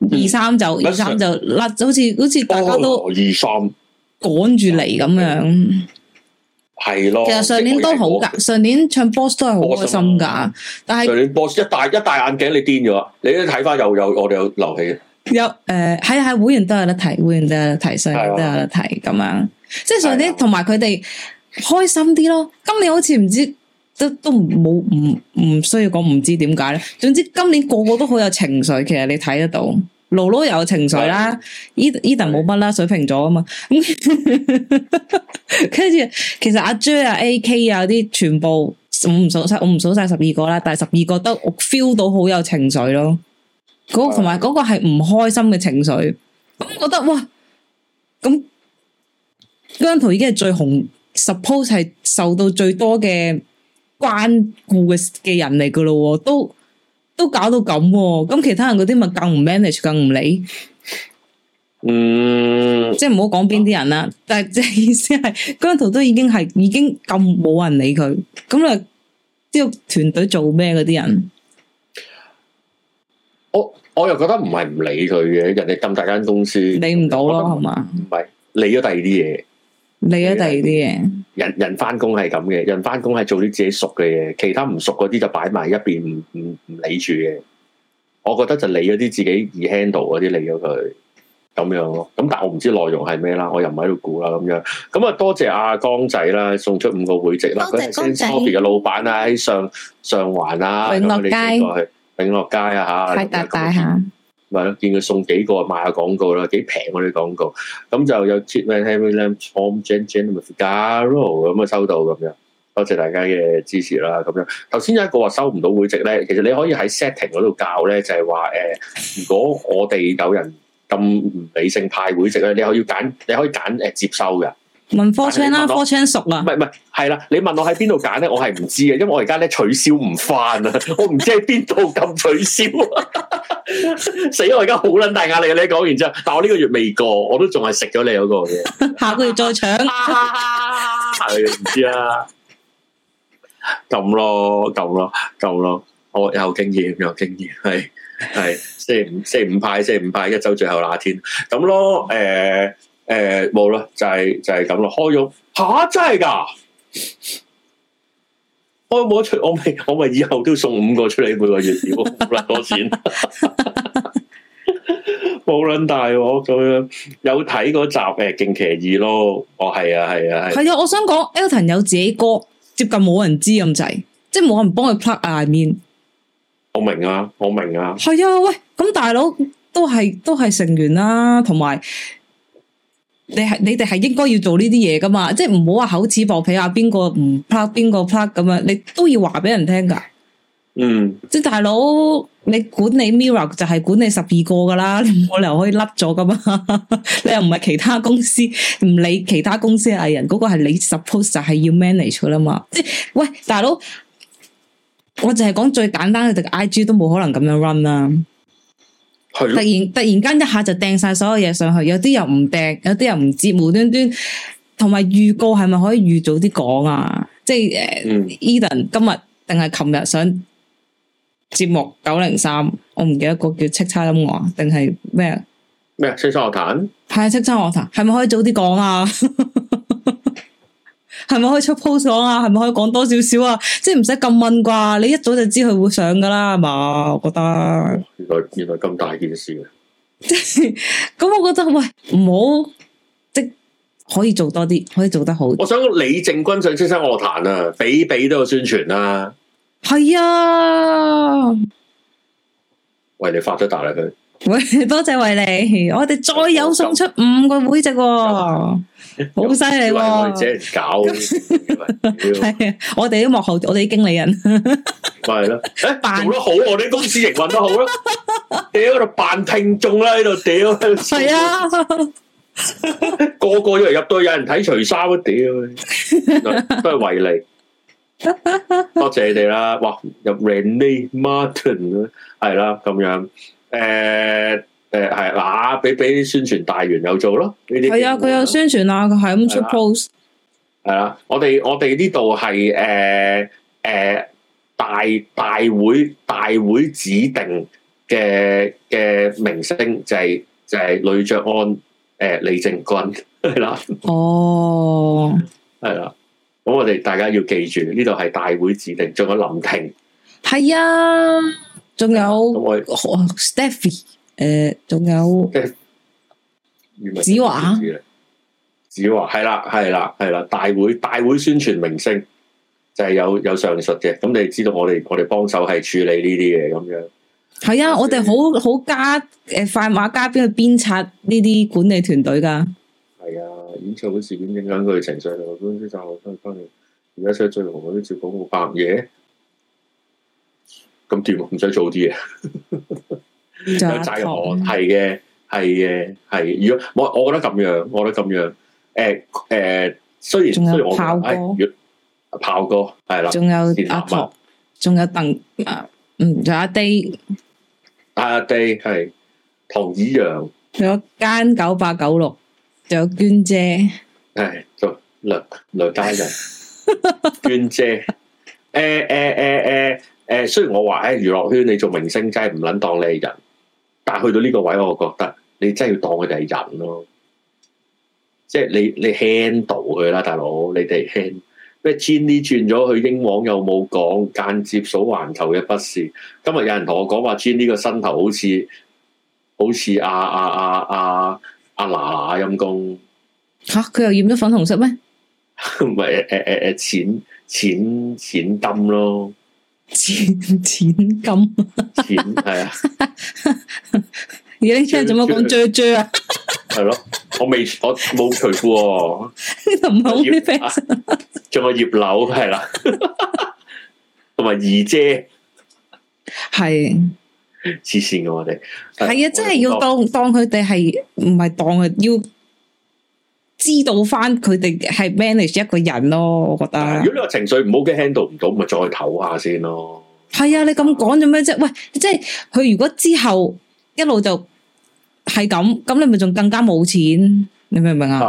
哦，二三就二三就甩，好似好似大家都二三趕住嚟咁樣。係咯，其實上年都好噶上年唱 boss 都係好開心噶但係上年 boss 一戴一戴眼鏡，你癲咗？你睇翻又又我哋有流氣嘅。有誒，喺喺會員都有得睇，會員都有得睇，所以都有得睇咁樣。即係上年同埋佢哋開心啲咯。今年好似唔知都都冇，唔唔需要講，唔知點解咧？總之今年個個都好有情緒，其實你睇得到。盧又有情緒啦，伊伊登冇乜啦，水平咗啊嘛，跟 住其實阿 J 啊、AK 啊啲全部我唔數晒，我唔數晒十二個啦，但係十二個都我 feel 到好有情緒咯，嗰同埋嗰個係唔開心嘅情緒，咁我覺得哇，咁姜濤已經係最紅，suppose 係受到最多嘅關顧嘅嘅人嚟噶咯，都。都搞到咁，咁其他人嗰啲咪更唔 manage，更唔理。嗯，即係唔好講邊啲人啦、啊，但係即係意思係姜濤都已經係已經咁冇人理佢，咁啊，呢個團隊做咩嗰啲人？我我又覺得唔係唔理佢嘅，人哋咁大間公司理唔到咯，係嘛？唔係理咗第二啲嘢。理咗第二啲嘢。人人翻工係咁嘅，人翻工係做啲自己熟嘅嘢，其他唔熟嗰啲就擺埋一邊，唔唔唔理住嘅。我覺得就理嗰啲自己易 handle 嗰啲理咗佢，咁樣咯。咁但係我唔知內容係咩啦，我又唔喺度估啦，咁樣。咁啊，多謝阿江仔啦，送出五個會籍啦。多謝先謝。Cooby 嘅老闆啦，喺上上環啊，永樂街，永樂街啊吓。係大下。咪見佢送幾個賣下廣告啦，幾平嗰啲廣告，咁就有 Chipman Henry Lam、Tom Jen Jen 同埋 Fedor，咁啊收到咁樣，多謝大家嘅支持啦咁樣。頭先有一個話收唔到會籍咧，其實你可以喺 setting 嗰度教咧，就係話誒，如果我哋有人咁唔理性派會籍咧，你可以揀，你可以揀、呃、接收嘅。問科青啦、啊，科青熟啊。唔係唔係，係啦。你問我喺邊度揀咧，我係唔知嘅，因為我而家咧取消唔返啊。 我唔知喺邊度撳取消。死，我而家好撚大壓力啊！你講完之後，但我呢個月未過，我都仲係食咗你嗰個嘢。下個月再搶啊！唔知啦，咁、啊、咯，咁、啊、咯，咁、啊、咯、啊啊啊。 我有經驗，有經驗，係係四五四五派，四五派一周最後那天咁咯。誒。呃誒，冇啦，就係、是、就係咁啦，開咗吓，真係噶，我冇出，我咪我咪以後都送五個出嚟，每個月屌咁攞錢，冇卵大鑊咁樣，有睇嗰集誒，勁奇異咯，哦係啊係啊係，係啊，我想講 Elton 有自己歌，接近冇人知咁滯，即係冇人幫佢 plug 下面，我明啊，我明啊，係啊，啊，喂，咁大佬都係都係成員啦、啊，同埋。你係你哋係應該要做呢啲嘢噶嘛？即係唔好話口齒薄皮啊，邊個唔 plug 邊個 plug 咁樣，你都要話俾人聽噶。嗯，即係大佬，你管理 Mirror 就係管理十二個噶啦，你冇理由可以甩咗噶嘛？ 你又唔係其他公司，唔理其他公司嘅藝人，嗰、那個係你 suppose 就係要 manage 噶啦嘛？即係喂，大佬，我淨係講最簡單嘅，個 IG 都冇可能咁樣 run 啦、啊。突然突然間一下就掟晒，所有嘢上去，有啲又唔掟，有啲又唔接。無端端同埋預告係咪可以預早啲講啊？即係誒，Eden 今日定係琴日上節目九零三，我唔記得個叫叱咤音樂定係咩？咩？叱咤樂壇係啊！叱咤樂壇係咪可以早啲講啊？係 咪可以出 post 講啊？係咪可以講多少少啊？即係唔使咁問啩？你一早就知佢會上噶啦，係嘛？我覺得。原來咁大件事嘅，咁我覺得喂，唔好即可以做多啲，可以做得好。我想李正軍上出身樂壇啊，比比都有宣傳啦、啊。係啊，喂，你發咗達啦，佢。喂，多謝為你，我哋再有送出五個會籍、啊。 好犀利喎！我哋整嚟搞，係啊！我哋啲幕後，我哋啲經理人，係咯，誒扮都好，我哋啲公司營運得好啦，屌喺度扮聽眾啦，喺度屌，係啊，個個以為入到有人睇除衫啊，屌，都係為利，多謝你哋啦，哇，入 Renee Martin 啊，係啦，咁樣，誒。誒、啊，係嗱，俾俾啲宣傳大員又做咯，呢啲係啊，佢有宣傳啊，佢係咁出 post。係啦、啊，我哋我哋呢度係誒誒大大會大會指定嘅嘅明星就係、是、就係呂爵安誒、呃、李正軍係啦。哦，係啦、啊，咁我哋大家要記住呢度係大會指定，仲有林婷，係啊，仲有 Stephy。誒、呃，仲有子華，子華係啦，係啦，係啦，大會大會宣傳明星就係、是、有有上述嘅，咁你知道我哋我哋幫手係處理呢啲嘢咁樣。係啊，我哋好好加誒快馬加鞭去鞭策呢啲管理團隊噶係啊，演唱會事件影響佢情緒，咁啲翻翻嚟，而家去最忙嗰啲照顧飯嘢，咁掂，唔使做啲嘢。 有齋河係嘅係嘅係，如果我我覺得咁樣，我覺得咁樣。誒、欸、誒、欸，雖然炮雖然我講、欸，炮哥係啦，仲有阿婆，仲有鄧啊，嗯，仲有阿 Day，阿 Day 係，唐子陽，仲有間九八九六，仲有娟姐，係做梁梁嘉仁，人 娟姐，誒誒誒誒誒，雖然我話誒，娛樂圈你做明星真係唔撚當你是人。但係去到呢個位，我覺得你真係要當佢哋係人咯，即係你你 handle 佢啦，大佬，你哋 handle。咩？詹尼轉咗去英皇又冇講間接數環球嘅不是？今日有人同我講話詹尼個身頭好似好似阿阿阿阿阿嗱嗱陰公吓？佢又染咗粉紅色咩？唔係誒誒誒誒淺淺淺金咯。錢錢金， 錢係是啊， 而家聽做乜講啫啫啊？係咯，我未我冇除褲喎，呢唔好我啲 fans，仲有葉葉柳係啦，同埋二姐係黐線嘅我哋，係啊， 姨 是啊 啊啊 真係要當 當佢哋係唔係當佢，要。知道翻佢哋係 manage 一個人咯，我覺得。如果你話情緒唔好嘅，handle 唔到，咪再唞下先咯。係啊，你咁講做咩啫？喂，即係佢如果之後一路就係咁，咁你咪仲更加冇錢，你明唔明啊？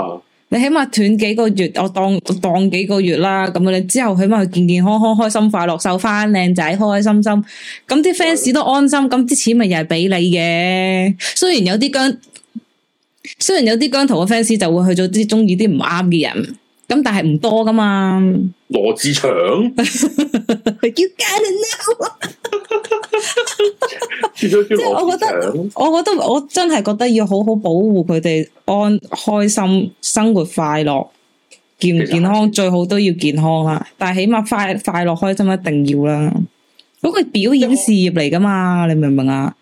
你起碼斷幾個月，我當當幾個月啦，咁樣你之後起碼佢健健康康、開心快樂，瘦翻靚仔，開開心心，咁啲 fans 都安心，咁啲錢咪又係俾你嘅。雖然有啲姜。雖然有啲姜濤嘅 fans 就會去咗啲中意啲唔啱嘅人，咁但係唔多噶嘛羅。羅 志 You gotta know  祥，You gotta know 即係我覺得，我覺得我真係覺得要好好保護佢哋，安開心、生活快樂、健唔健康最好都要健康啦。但係起碼快快樂開心一定要啦。嗰、嗰個表演事業嚟噶嘛，你明唔明啊？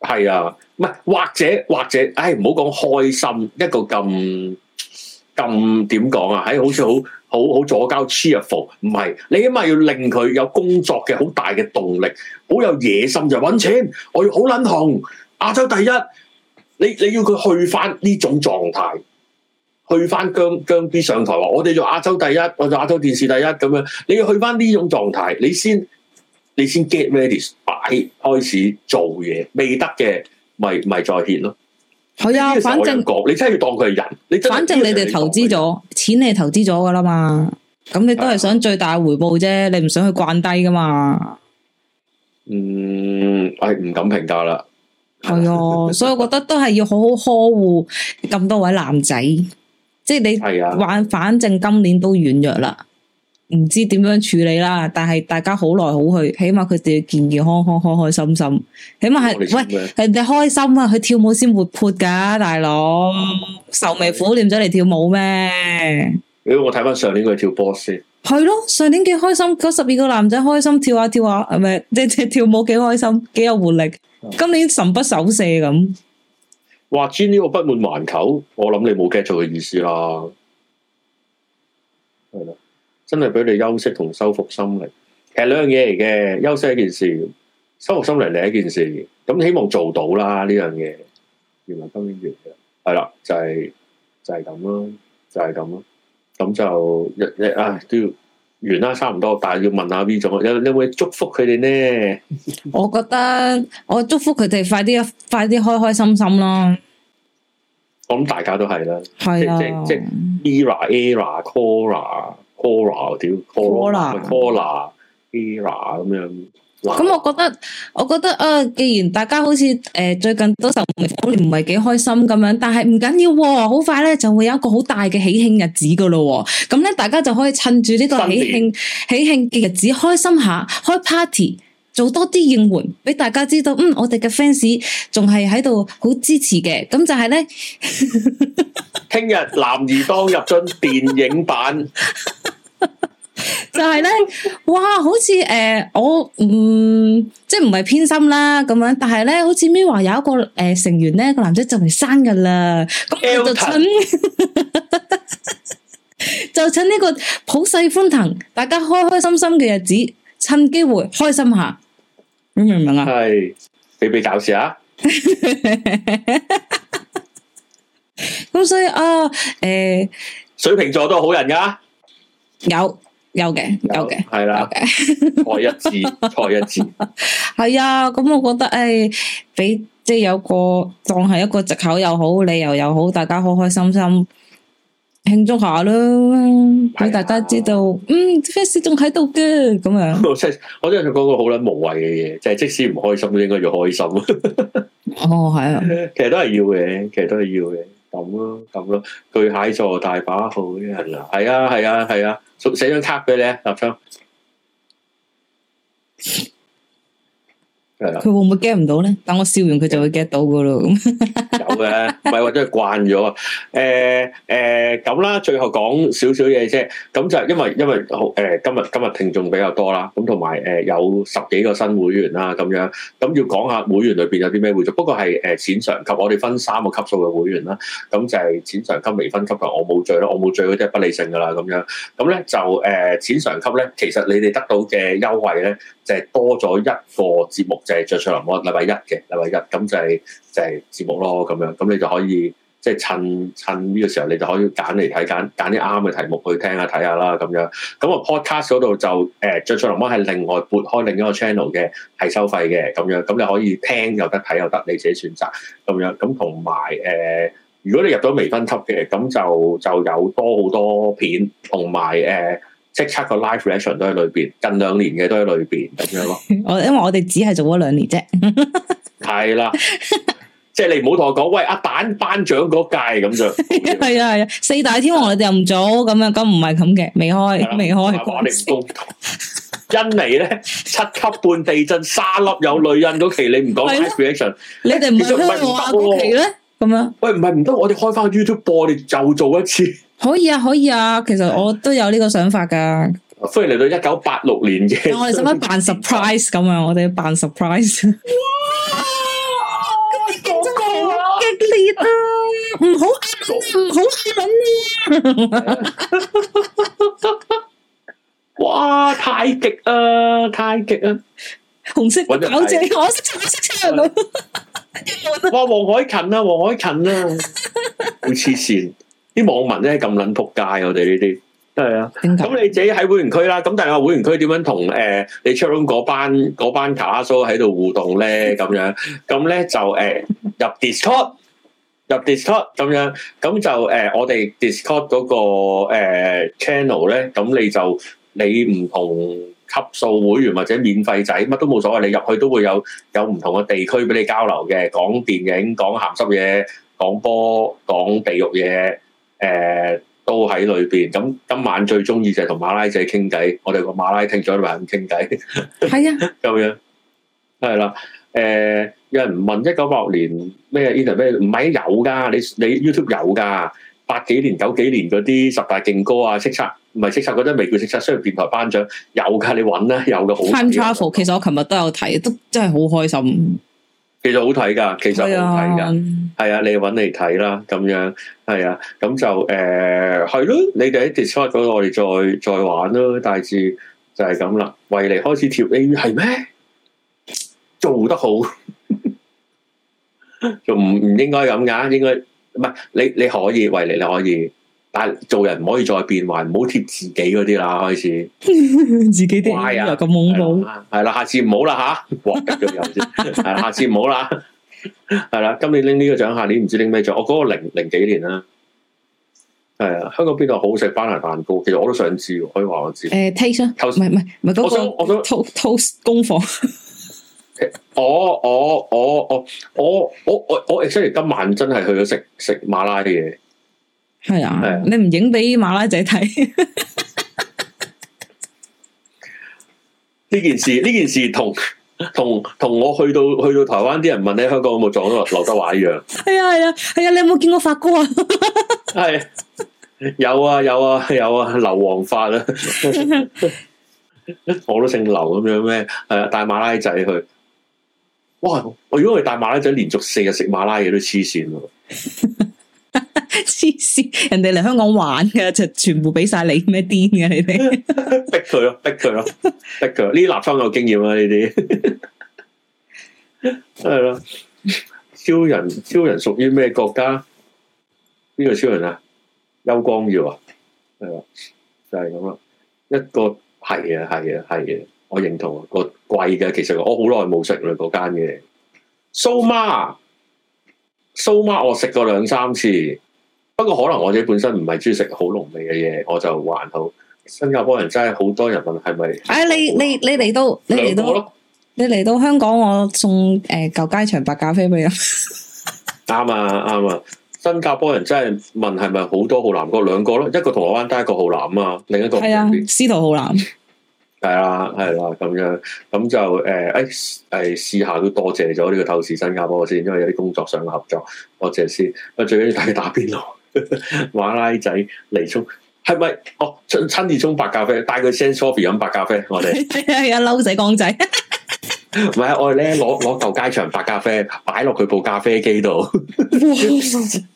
係啊。唔係，或者或者，唉、哎，唔好講開心。一個咁咁點講啊？喺、哎、好似好好好左膠 cheerful，唔係你起碼要令佢有工作嘅好大嘅動力，好有野心就揾錢。我要好撚紅亞洲第一，你你要佢去返呢種狀態，去返姜姜 B 上台話我哋做亞洲第一，我做亞洲電視第一咁樣，你要去返呢種狀態，你先你先 get ready 擺開始做嘢，未得嘅。咪咪再見咯，係啊，反正你真係要當佢係人，你反正你哋投資咗錢，你係投資咗噶啦嘛，咁、啊、你都係想最大回報啫，你唔想去慣低噶嘛。嗯，我，唔敢評價啦。係 啊，所以我覺得都係要好好呵護咁多位男仔，即係你係啊，反反正今年都軟弱啦。唔知點樣處理啦，但係大家好來好去，起碼佢哋健健康康、開開心心，起碼係喂人哋開心啊！佢跳舞先活潑噶，大佬愁眉苦臉咗嚟跳舞咩？屌、哎，我睇翻上年佢跳波先，係咯上年幾開心，嗰十二個男仔開心跳下跳下，係咪？即係跳舞幾開心，幾、啊啊、有活力、嗯。今年神不守舍咁，哇！Jenny，我不滿環球，我諗你冇 get 到意思啦。真係俾你休息同修復心靈，其實兩樣嘢嚟嘅。休息一件事，修復心靈另一件事。咁希望做到啦呢樣嘢。原來今年完嘅，係啦，就係就係咁咯，就係咁咯。咁就一、是、一唉，唉，都要完啦，差唔多。但係要問下 V 總，有有冇祝福佢哋呢？我覺得我祝福佢哋快啲，快啲開開心心咯。我諗大家都係啦、啊，即即即 era era cora Cora，屌，Cora，Cora，Era 咁樣。咁我覺得，我覺得啊、呃，既然大家好似誒、呃、最近都受唔，唔係幾開心咁樣，但係唔緊要喎，好、哦、快咧就會有一個好大嘅喜慶日子噶咯喎，咁、嗯、咧大家就可以趁住呢個喜慶、Sunday. 喜慶嘅日子開心下，開 party。做多啲應援俾大家知道，嗯，我哋嘅 fans 仲係喺度好支持嘅，咁就係咧。聽日男兒當入樽電影版， 就係咧，哇，好似誒、呃，我唔、嗯、即係唔係偏心啦咁樣，但係咧好似 MIRROR 有一個誒、呃、成員咧個男仔就嚟生日噶啦，咁就趁、Elton、 就趁呢個普世歡騰，大家開開心心嘅日子，趁機會開心下。嗯，明唔明啊？係你俾搞事啊！咁 所以啊，誒、欸，水瓶座都係好人噶、啊，有有嘅有嘅，係啦，菜一次，菜 一次，係啊！咁、嗯、我覺得誒，俾、欸、即係有個當係一個借口又好，理由又好，大家開開心心。慶祝下啦，俾大家知道，哎、嗯 fans 仲喺度嘅咁樣。我真，我真係講個好捻無謂嘅嘢，就係、是、即使唔開心都應該要開心。 哦，係啊，其實都係要嘅，其實都係要嘅，咁咯，咁咯，佢蟹座大把好啲人啊，係啊，係啊，係啊，送寫張卡俾你，立昌。 佢會唔會 get 唔到咧？等我笑完佢就會 get 到噶啦， 咁有嘅，唔係或者係慣咗誒誒咁啦。最後講少少嘢啫，咁就係因為因為誒、呃，今日今日聽眾比較多啦，咁同埋誒有十幾個新會員啦，咁樣咁要講下會員裏邊有啲咩會做。不過係誒，淺嘗級，我哋分三個級數嘅會員啦，咁就係淺嘗級、微醺級、我冇醉啦，我冇醉嗰啲係不理性噶啦，咁樣咁咧就誒淺嘗級咧，其實你哋得到嘅優惠咧就係、是、多咗一個節目啫。誒，爵士林哥禮拜一嘅禮拜一，咁就係、是、就係、是、節目咯，咁樣，咁你就可以即係、就是、趁趁呢個時候，你就可以揀嚟睇，揀揀啲啱嘅題目去聽下睇下啦，咁樣。咁我 podcast 嗰度就誒，爵士林哥係另外撥開另一個 channel 嘅，係收費嘅，咁樣，咁你可以聽又得，睇又得，你自己選擇咁樣。咁同埋誒，如果你入咗微分級嘅，咁就就有多好多片，同埋誒。呃即刻查個 live reaction 都喺裏邊，近兩年嘅都喺裏邊，咁、就是、樣咯。我因為我哋只係做咗兩年啫，係 啦對了。 即係你唔好同我講，喂，阿蛋班長嗰屆咁樣就，係啊係啊，四大天王你哋又唔早咁樣，咁唔係咁嘅，未開未開，我哋唔高調。印 尼咧七級半地震，沙粒有女人。嗰期，你唔講 live reaction？你哋唔係開我阿國旗咧咁啊？喂，唔係唔得，我哋開翻 YouTube 播，你就做一次。可以啊，可以啊，其實我都有呢個想法㗎。雖然嚟到一九八六年嘅， 我哋使乜扮 surprise 咁啊，我哋扮 surprise。哇！咁嘅競爭好激烈啊！唔好壓穩啊！唔好壓穩啊！ 哇！太極啊！太極啊！紅色跑車，我識唱，我識唱。的啊、 哇！黃凱芹啊，黃凱芹啊，好黐線。啲網民咧咁撚仆街，我哋呢啲係啊。咁你自己喺會員區啦，咁但係我會員區點樣同誒、呃、你出 room 嗰班嗰班卡數喺度互動咧？咁樣咁咧就誒、呃、入 Discord，入 Discord 咁樣，咁就誒、呃、我哋 Discord 嗰、那個、呃、channel 咧，咁你就你唔同級數會員或者免費仔乜都冇所謂，你入去都會有有唔同嘅地區俾你交流嘅，講電影、講鹹濕嘢、講波、講地獄嘢。誒、呃，都喺裏邊咁，今晚最中意就係同馬拉仔傾偈，我哋個馬拉聽咗啲人傾偈，係啊，咁 樣係啦。誒、呃，有人問一九八六年咩 internet，唔係有噶，你你 YouTube 有噶，八幾年、九幾年嗰啲十大勁歌啊，叱咤唔係叱咤嗰啲未叫叱咤，雖然電台頒獎有噶，你搵啦，有嘅好。Time travel，其實我琴日都有睇，都真係好開心。其實好睇噶，其實好睇噶，係、哎、啊，你揾嚟睇啦，咁樣係啊，咁就誒，係、呃、咯，你哋喺 Discord 度，我哋再再玩咯，大致就係咁啦。維尼開始跳 A，係咩？做得好，仲唔唔應該咁噶？應該唔係，你你可以，維尼你可以。但係做人唔可以再變壞，唔好貼自己嗰啲啦。開始 自己啲壞啊，咁懵怖。係啦，下次唔好啦吓，話得咗又知。係 下次唔好啦。係 啦，今年拎呢個獎，下年唔知拎咩獎。我嗰個零零幾年啦，係啊。香港邊度好食班蘭蛋糕？其實我都想知，可以話我知。誒、uh,，take 上唔係唔係我想我想做做功課。哦哦哦哦，我我我我 exactly 今晚真係去咗食食馬拉嘅嘢。係啊，啊，你唔影俾馬拉仔睇？呢 件事呢件事同同同我去到去到台灣啲人問你香港有冇撞到劉德華一樣？係啊係啊係啊！你有冇見過發哥啊？係有啊有啊有啊！劉皇、啊啊、發啊！ 我都姓劉咁樣咩？係帶、啊、馬拉仔去？哇！我如果係帶馬拉仔，連續四日食馬拉嘢都黐線咯～黐線，人哋嚟香港玩嘅就全部俾晒你咩癲嘅你哋 ？逼佢咯，逼佢咯，逼佢。呢立身有經驗啊，呢啲係咯。超人，超人屬於咩國家？邊個超人啊？邱光耀啊？係啊，就係咁啦。一個係啊，係啊，係啊，我認同啊。個貴嘅，其實我好耐冇食啦，嗰間嘢，蘇媽，蘇媽，我食過兩三次。不過可能我自己本身唔係中意食好濃味嘅嘢，我就還好。新加坡人真係好多人問係咪？哎，你你你嚟到，你嚟到，你嚟到香港，我送誒舊、呃、街場白咖啡俾你。啱 啊，啱啊！新加坡人真係問係咪好多浩南？嗰兩個咯，一個銅鑼灣，得一個浩南啊嘛。另一個係啊，司徒浩南。係 啦、啊，係啦、啊，咁樣咁就誒，誒、欸、試、哎、下都多謝咗呢個透視新加坡先，因為有啲工作上嘅合作，我謝先。不過最緊要睇打邊爐。馬拉仔嚟沖係咪？哦，親親自沖白咖啡，帶佢 send Chobby 飲白咖啡，我哋啊，嬲 死光仔。唔係啊，我哋咧攞攞舊街場白咖啡，擺落佢部咖啡機度，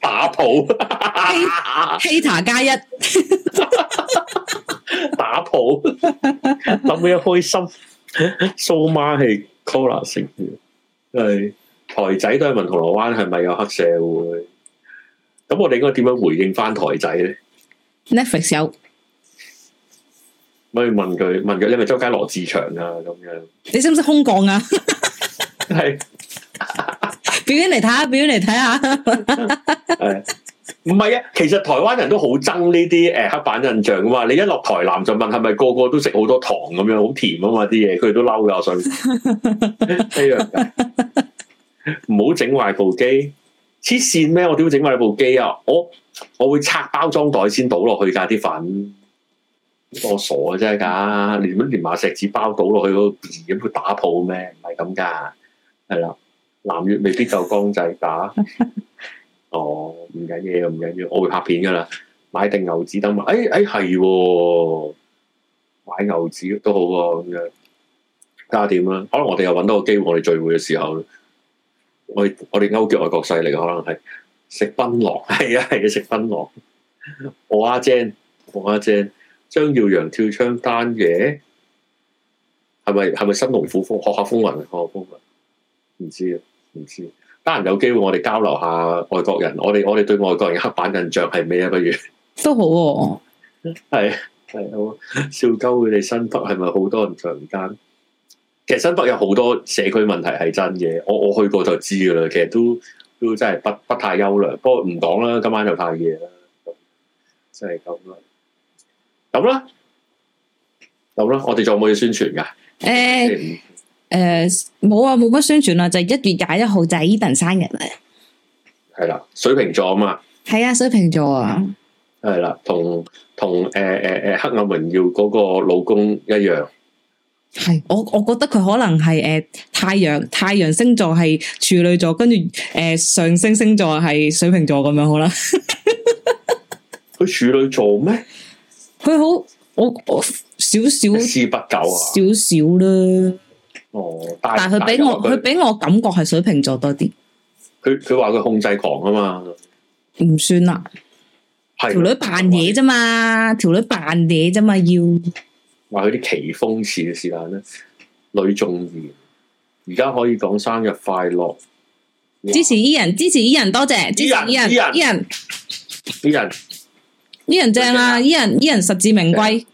打泡。Heater 加一，打泡，諗佢一開心，蘇媽 係 Cola 成員，係台仔都係問銅鑼灣係咪有黑社會。咁我哋應該點樣回應翻台仔咧？Netflix 有，咪去問佢，問佢，你咪周街羅志祥啊咁樣。你識唔識空降啊？係 ，表演嚟睇下，表演嚟睇下。係 唔係啊？其實台灣人都好憎呢啲誒黑板印象噶嘛。你一落台南就問係咪個個都食好多糖咁樣，好甜啊嘛啲嘢，佢哋都嬲噶，我想。一 樣噶，唔好整壞部機。黐線咩？我點會整埋你部機啊？我我會拆包裝袋先倒落去噶啲粉，多傻啊真係噶連乜連馬石子包倒落去嗰個碟咁會打泡咩？唔係咁噶係啦，南越未必夠光仔打。 哦，唔緊要唔緊要，我會拍片噶啦。買定牛子等，哎哎係，買牛子都好喎、啊、咁樣。加下點啦，可能我哋又搵到個機會，我哋聚會嘅時候。我我哋勾結外國勢力可能係食檳榔，係啊係啊食檳榔。我阿 Jean，我阿 Jean 張耀揚跳窗單嘢，係咪係咪新龍虎風？俠客風雲，俠客風雲，唔知啊唔知。得閒有機會我哋交流一下外國人，我哋我哋對外國人刻板印象係咩啊？不如都好、啊，係 係、啊啊、好、啊。笑鳩佢哋身法係咪好多人強姦？其實新北有好多社區問題係真嘅，我我去過就知噶啦。其實都都真係不不太優良，不過唔講啦，今晚就太夜啦，真係咁啦，咁啦，咁啦，我哋仲有冇嘢宣傳噶？誒、欸、誒，冇、欸呃、啊，冇乜宣傳啊，就係一月廿一號就係 Edan 生日啦，係啦，水瓶座啊嘛，係啊，水瓶座啊，係、嗯、啦，同同誒誒誒黑暗榮耀嗰個老公一樣。係我我覺得佢可能係誒、呃、太陽太陽星座係處女座，跟住誒、呃、上升星，星座係水瓶座咁樣好啦。佢 處女座咩？佢好我我少少事不苟啊，少少啦。哦，但係佢俾我佢俾我，我感覺係水瓶座多啲。佢佢話佢控制狂啊嘛，唔算啦。係條女扮嘢啫嘛，條女扮嘢啫嘛要。話佢啲奇風似的事嘅時間咧，呂仲賢而家可以講生日快樂。支持依人，支持依人，多謝，支持依人，依人，依人，依人，依人正啊！依人依人實至名歸，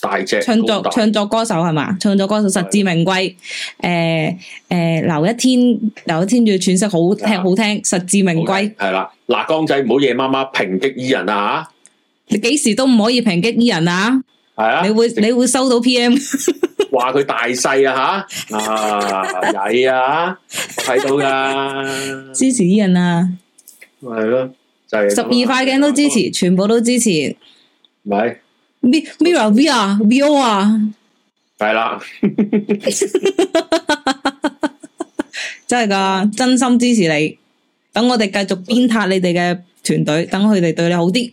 大隻唱作唱作歌手係嘛？唱作歌手實至名歸。誒誒，留一天留一天要喘息好聽好聽，實至名歸。係啦，嗱、呃，江仔唔好夜媽媽抨擊依人啊！吓、啊啊、你幾時都唔可以抨擊依人啊！係啊！你會你會收到 P. M. 話佢大細啊吓啊曳啊！睇、 啊啊、到噶支持啲人啊，係咯、啊、就係十二塊鏡都支持、啊，全部都支持咪 Mirror V a V O 啊係啦，Vior，啊、 真係噶、啊、真心支持你。等我哋繼續鞭撻你哋嘅團隊，等佢哋對你好啲。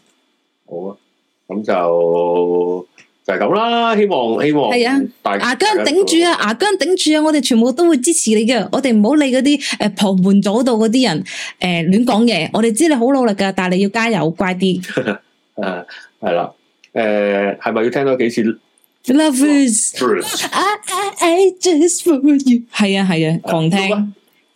好啊，咁就就係、是、咁啦，希望希望，係啊，阿姜頂住啊，阿姜頂住啊，我哋全部都會支持你嘅，我哋唔好理嗰啲誒旁門左道嗰啲人誒亂講嘢，呃、 我哋知你好努力噶，但係你要加油，乖啲，誒係啦，誒係咪要聽多幾次 Love is I I I just for you，係啊係啊，狂聽。Uh,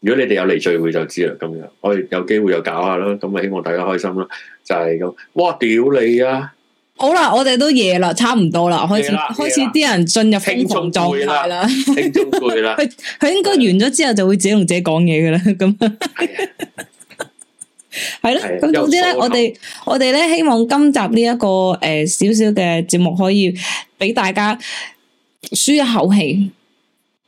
如果你哋有嚟聚會就知啦，咁樣我哋有機會又搞下啦，咁啊希望大家開心啦，就係、是、咁。哇，屌你啊！好啦，我哋都夜啦，差唔多啦，開始開始啲人進入瘋狂狀態啦，瘋狂啦！佢 應該完咗之後就會自己同自己講嘢嘅啦，咁係咯。咁總之咧，我哋我哋咧希望今集呢、這、一個誒、呃、小小嘅節目可以俾大家舒一口氣。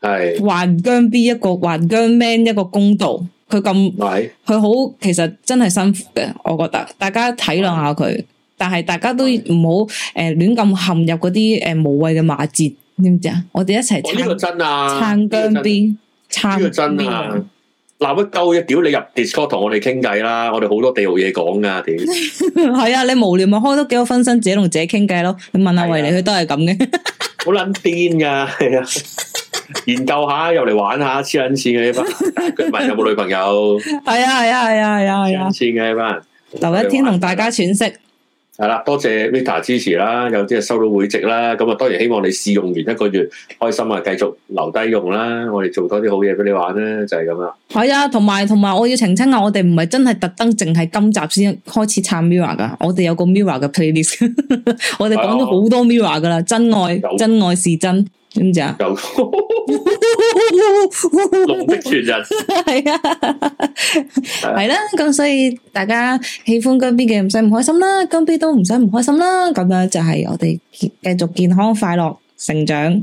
係還姜 B 一個還姜 Man 一個公道，佢咁佢好其實真係辛苦嘅，我覺得大家體諒下佢。但係大家都唔好誒亂咁陷入嗰啲誒無謂嘅罵戰，知唔知啊？我哋一齊撐姜 B，撐姜 B，撐姜 B。呢個真啊！嗱，乜鳩嘢，屌你入 Discord 同我哋傾偈啦，我哋好多地道嘢講噶。點，係啊，你無聊咪開多幾個分身，自己同自己傾偈咯。你問阿維尼，佢都係咁嘅。好撚癲噶，係啊！研究下，入嚟玩下，黐捻線嘅呢班。佢 問有冇女朋友？係 啊，係啊，係啊，係啊，係啊，黐撚嘅呢班。留一天同大家喘息。係啦、啊，多謝 Vita 支持啦，有啲啊收到會籍啦，咁啊當然希望你試用完一個月，開心啊，繼續留低用啦，我哋做多啲好嘢俾你玩啦，就係咁啦。係啊，同埋同埋，我要澄清啊，我哋唔係真係特登，淨係今集先開始撐 Mirror 噶，我哋有個 Mirror 嘅 Playlist， 我哋講咗好多 Mirror 噶啦、啊，真愛，真愛是真。知唔知啊？龍 的傳傳人係 啊，係啦、啊。咁 是、啊 啊、所以大家喜歡姜 B 嘅唔使唔開心啦，姜 B 都唔使唔開心啦。咁樣就係我哋繼續健康快樂成長。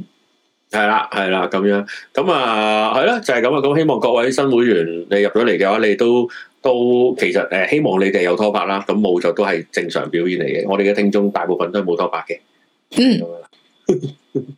係啦，係啦，咁樣咁啊，係咯、啊啊啊，就係咁啊。咁希望各位新會員你入咗嚟嘅話，你都都其實誒、呃，希望你哋有拖拍啦。咁冇就都係正常表演嚟嘅。我哋嘅聽眾大部分都係冇拖拍嘅。嗯。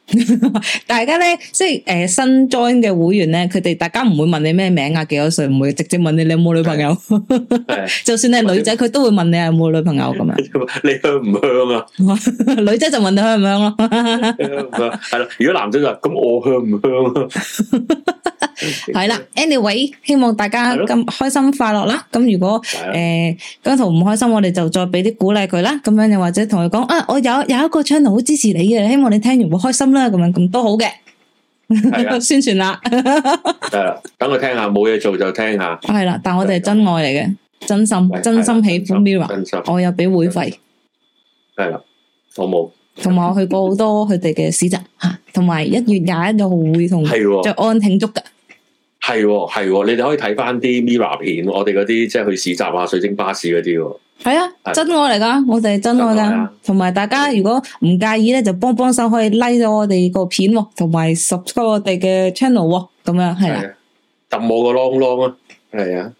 大家咧，即係誒新 join 嘅會員咧，佢哋大家唔會問你咩名啊，幾多歲，唔會直接問你你有冇女朋友。 就算你係女仔，佢都會問你有冇女朋友咁樣。 你香唔香啊？ 女仔就問你香唔香咯。係啦，如果男仔就咁我香唔香？係 啦 ，anyway，希望大家咁開心快樂啦。咁如果誒姜濤唔開心，我哋就再俾啲鼓勵佢啦。咁樣又或者同佢講啊，我有有一個 channel 好支持你嘅，希望你聽完會開心啦。咁樣咁都好嘅，宣傳啦。係 啦，等佢聽下，冇嘢做就聽下。係啦，但我哋係真愛嚟嘅，真心真心喜歡 Mirror，我有俾會費。係啦，好冇？同埋我去過好多佢哋嘅市集吓，同埋一月廿一號會同，係就安慶祝噶。係喎係喎，你哋可以睇翻啲 Mirror 片，我哋嗰啲即係去市集啊、水晶巴士嗰啲。係啊，真愛嚟噶，我哋係真愛噶，同埋大家如果唔介意咧，就幫幫手可以拉咗我哋個片，同埋 subscribe 我哋嘅 channel，咁樣係啊，抌我個 long long 啊，係啊，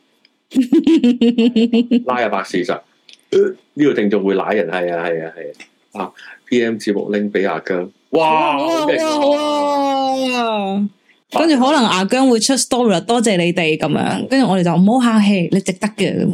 拉入白事實，呢個定仲會拉人，係啊係啊係啊。啊，P.M. 節目拎俾阿姜，哇，好啊好啊好啊，跟住可能阿姜會出 story，多謝你哋咁樣，跟住我哋就唔好客氣，你值得嘅咁。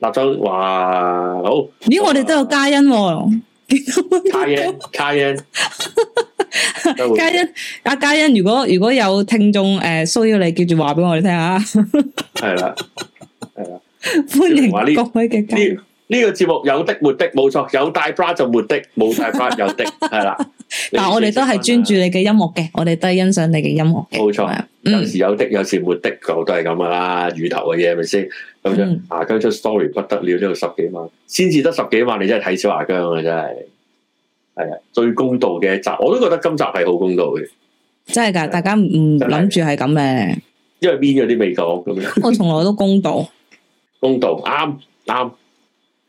立咗，哇，好！咦，我哋都有嘉欣喎，嘉欣，嘉欣，嘉欣阿嘉欣，如果如果有聽眾誒需要，你叫住話俾我哋聽下。係啦，係啦，歡迎各位嘅嘉。呢個節目有的沒的，冇錯，有大 bra 就沒的，冇大 bra 有的，係啦。但我哋都係專注你嘅音樂嘅，我哋都係欣賞你嘅音樂嘅。冇錯，有時有的，有時沒的，個都係咁噶啦，魚頭嘅嘢咪先咁樣？牙、嗯、姜出 story 不得了，都、這、要、個、十幾萬，先至得十幾萬，你真係睇小牙姜啊，真係。係啊，最公道嘅一集，我都覺得今集係好公道嘅。真係噶，大家唔諗住係咁嘅，因為邊有啲未講咁樣。 我從來都公道，公道啱啱。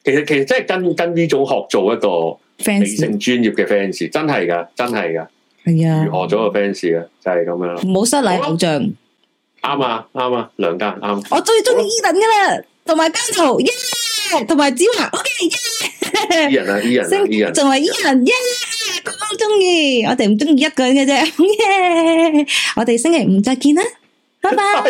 其實其實真係跟跟呢種學做一個。你成專業嘅 fans，真係噶，真係噶，係啊，如何咗個 fans 啊，就係咁樣咯。唔好失禮偶像。啱啊，啱啊，兩間啱。我最中意伊人噶啦，同埋 Benzo，耶，同埋子華，OK，耶。伊人啊，伊人啊，伊人，仲係伊人，耶，咁中意，我哋唔中意一個人嘅啫，耶，我哋星期五再見啦，拜拜。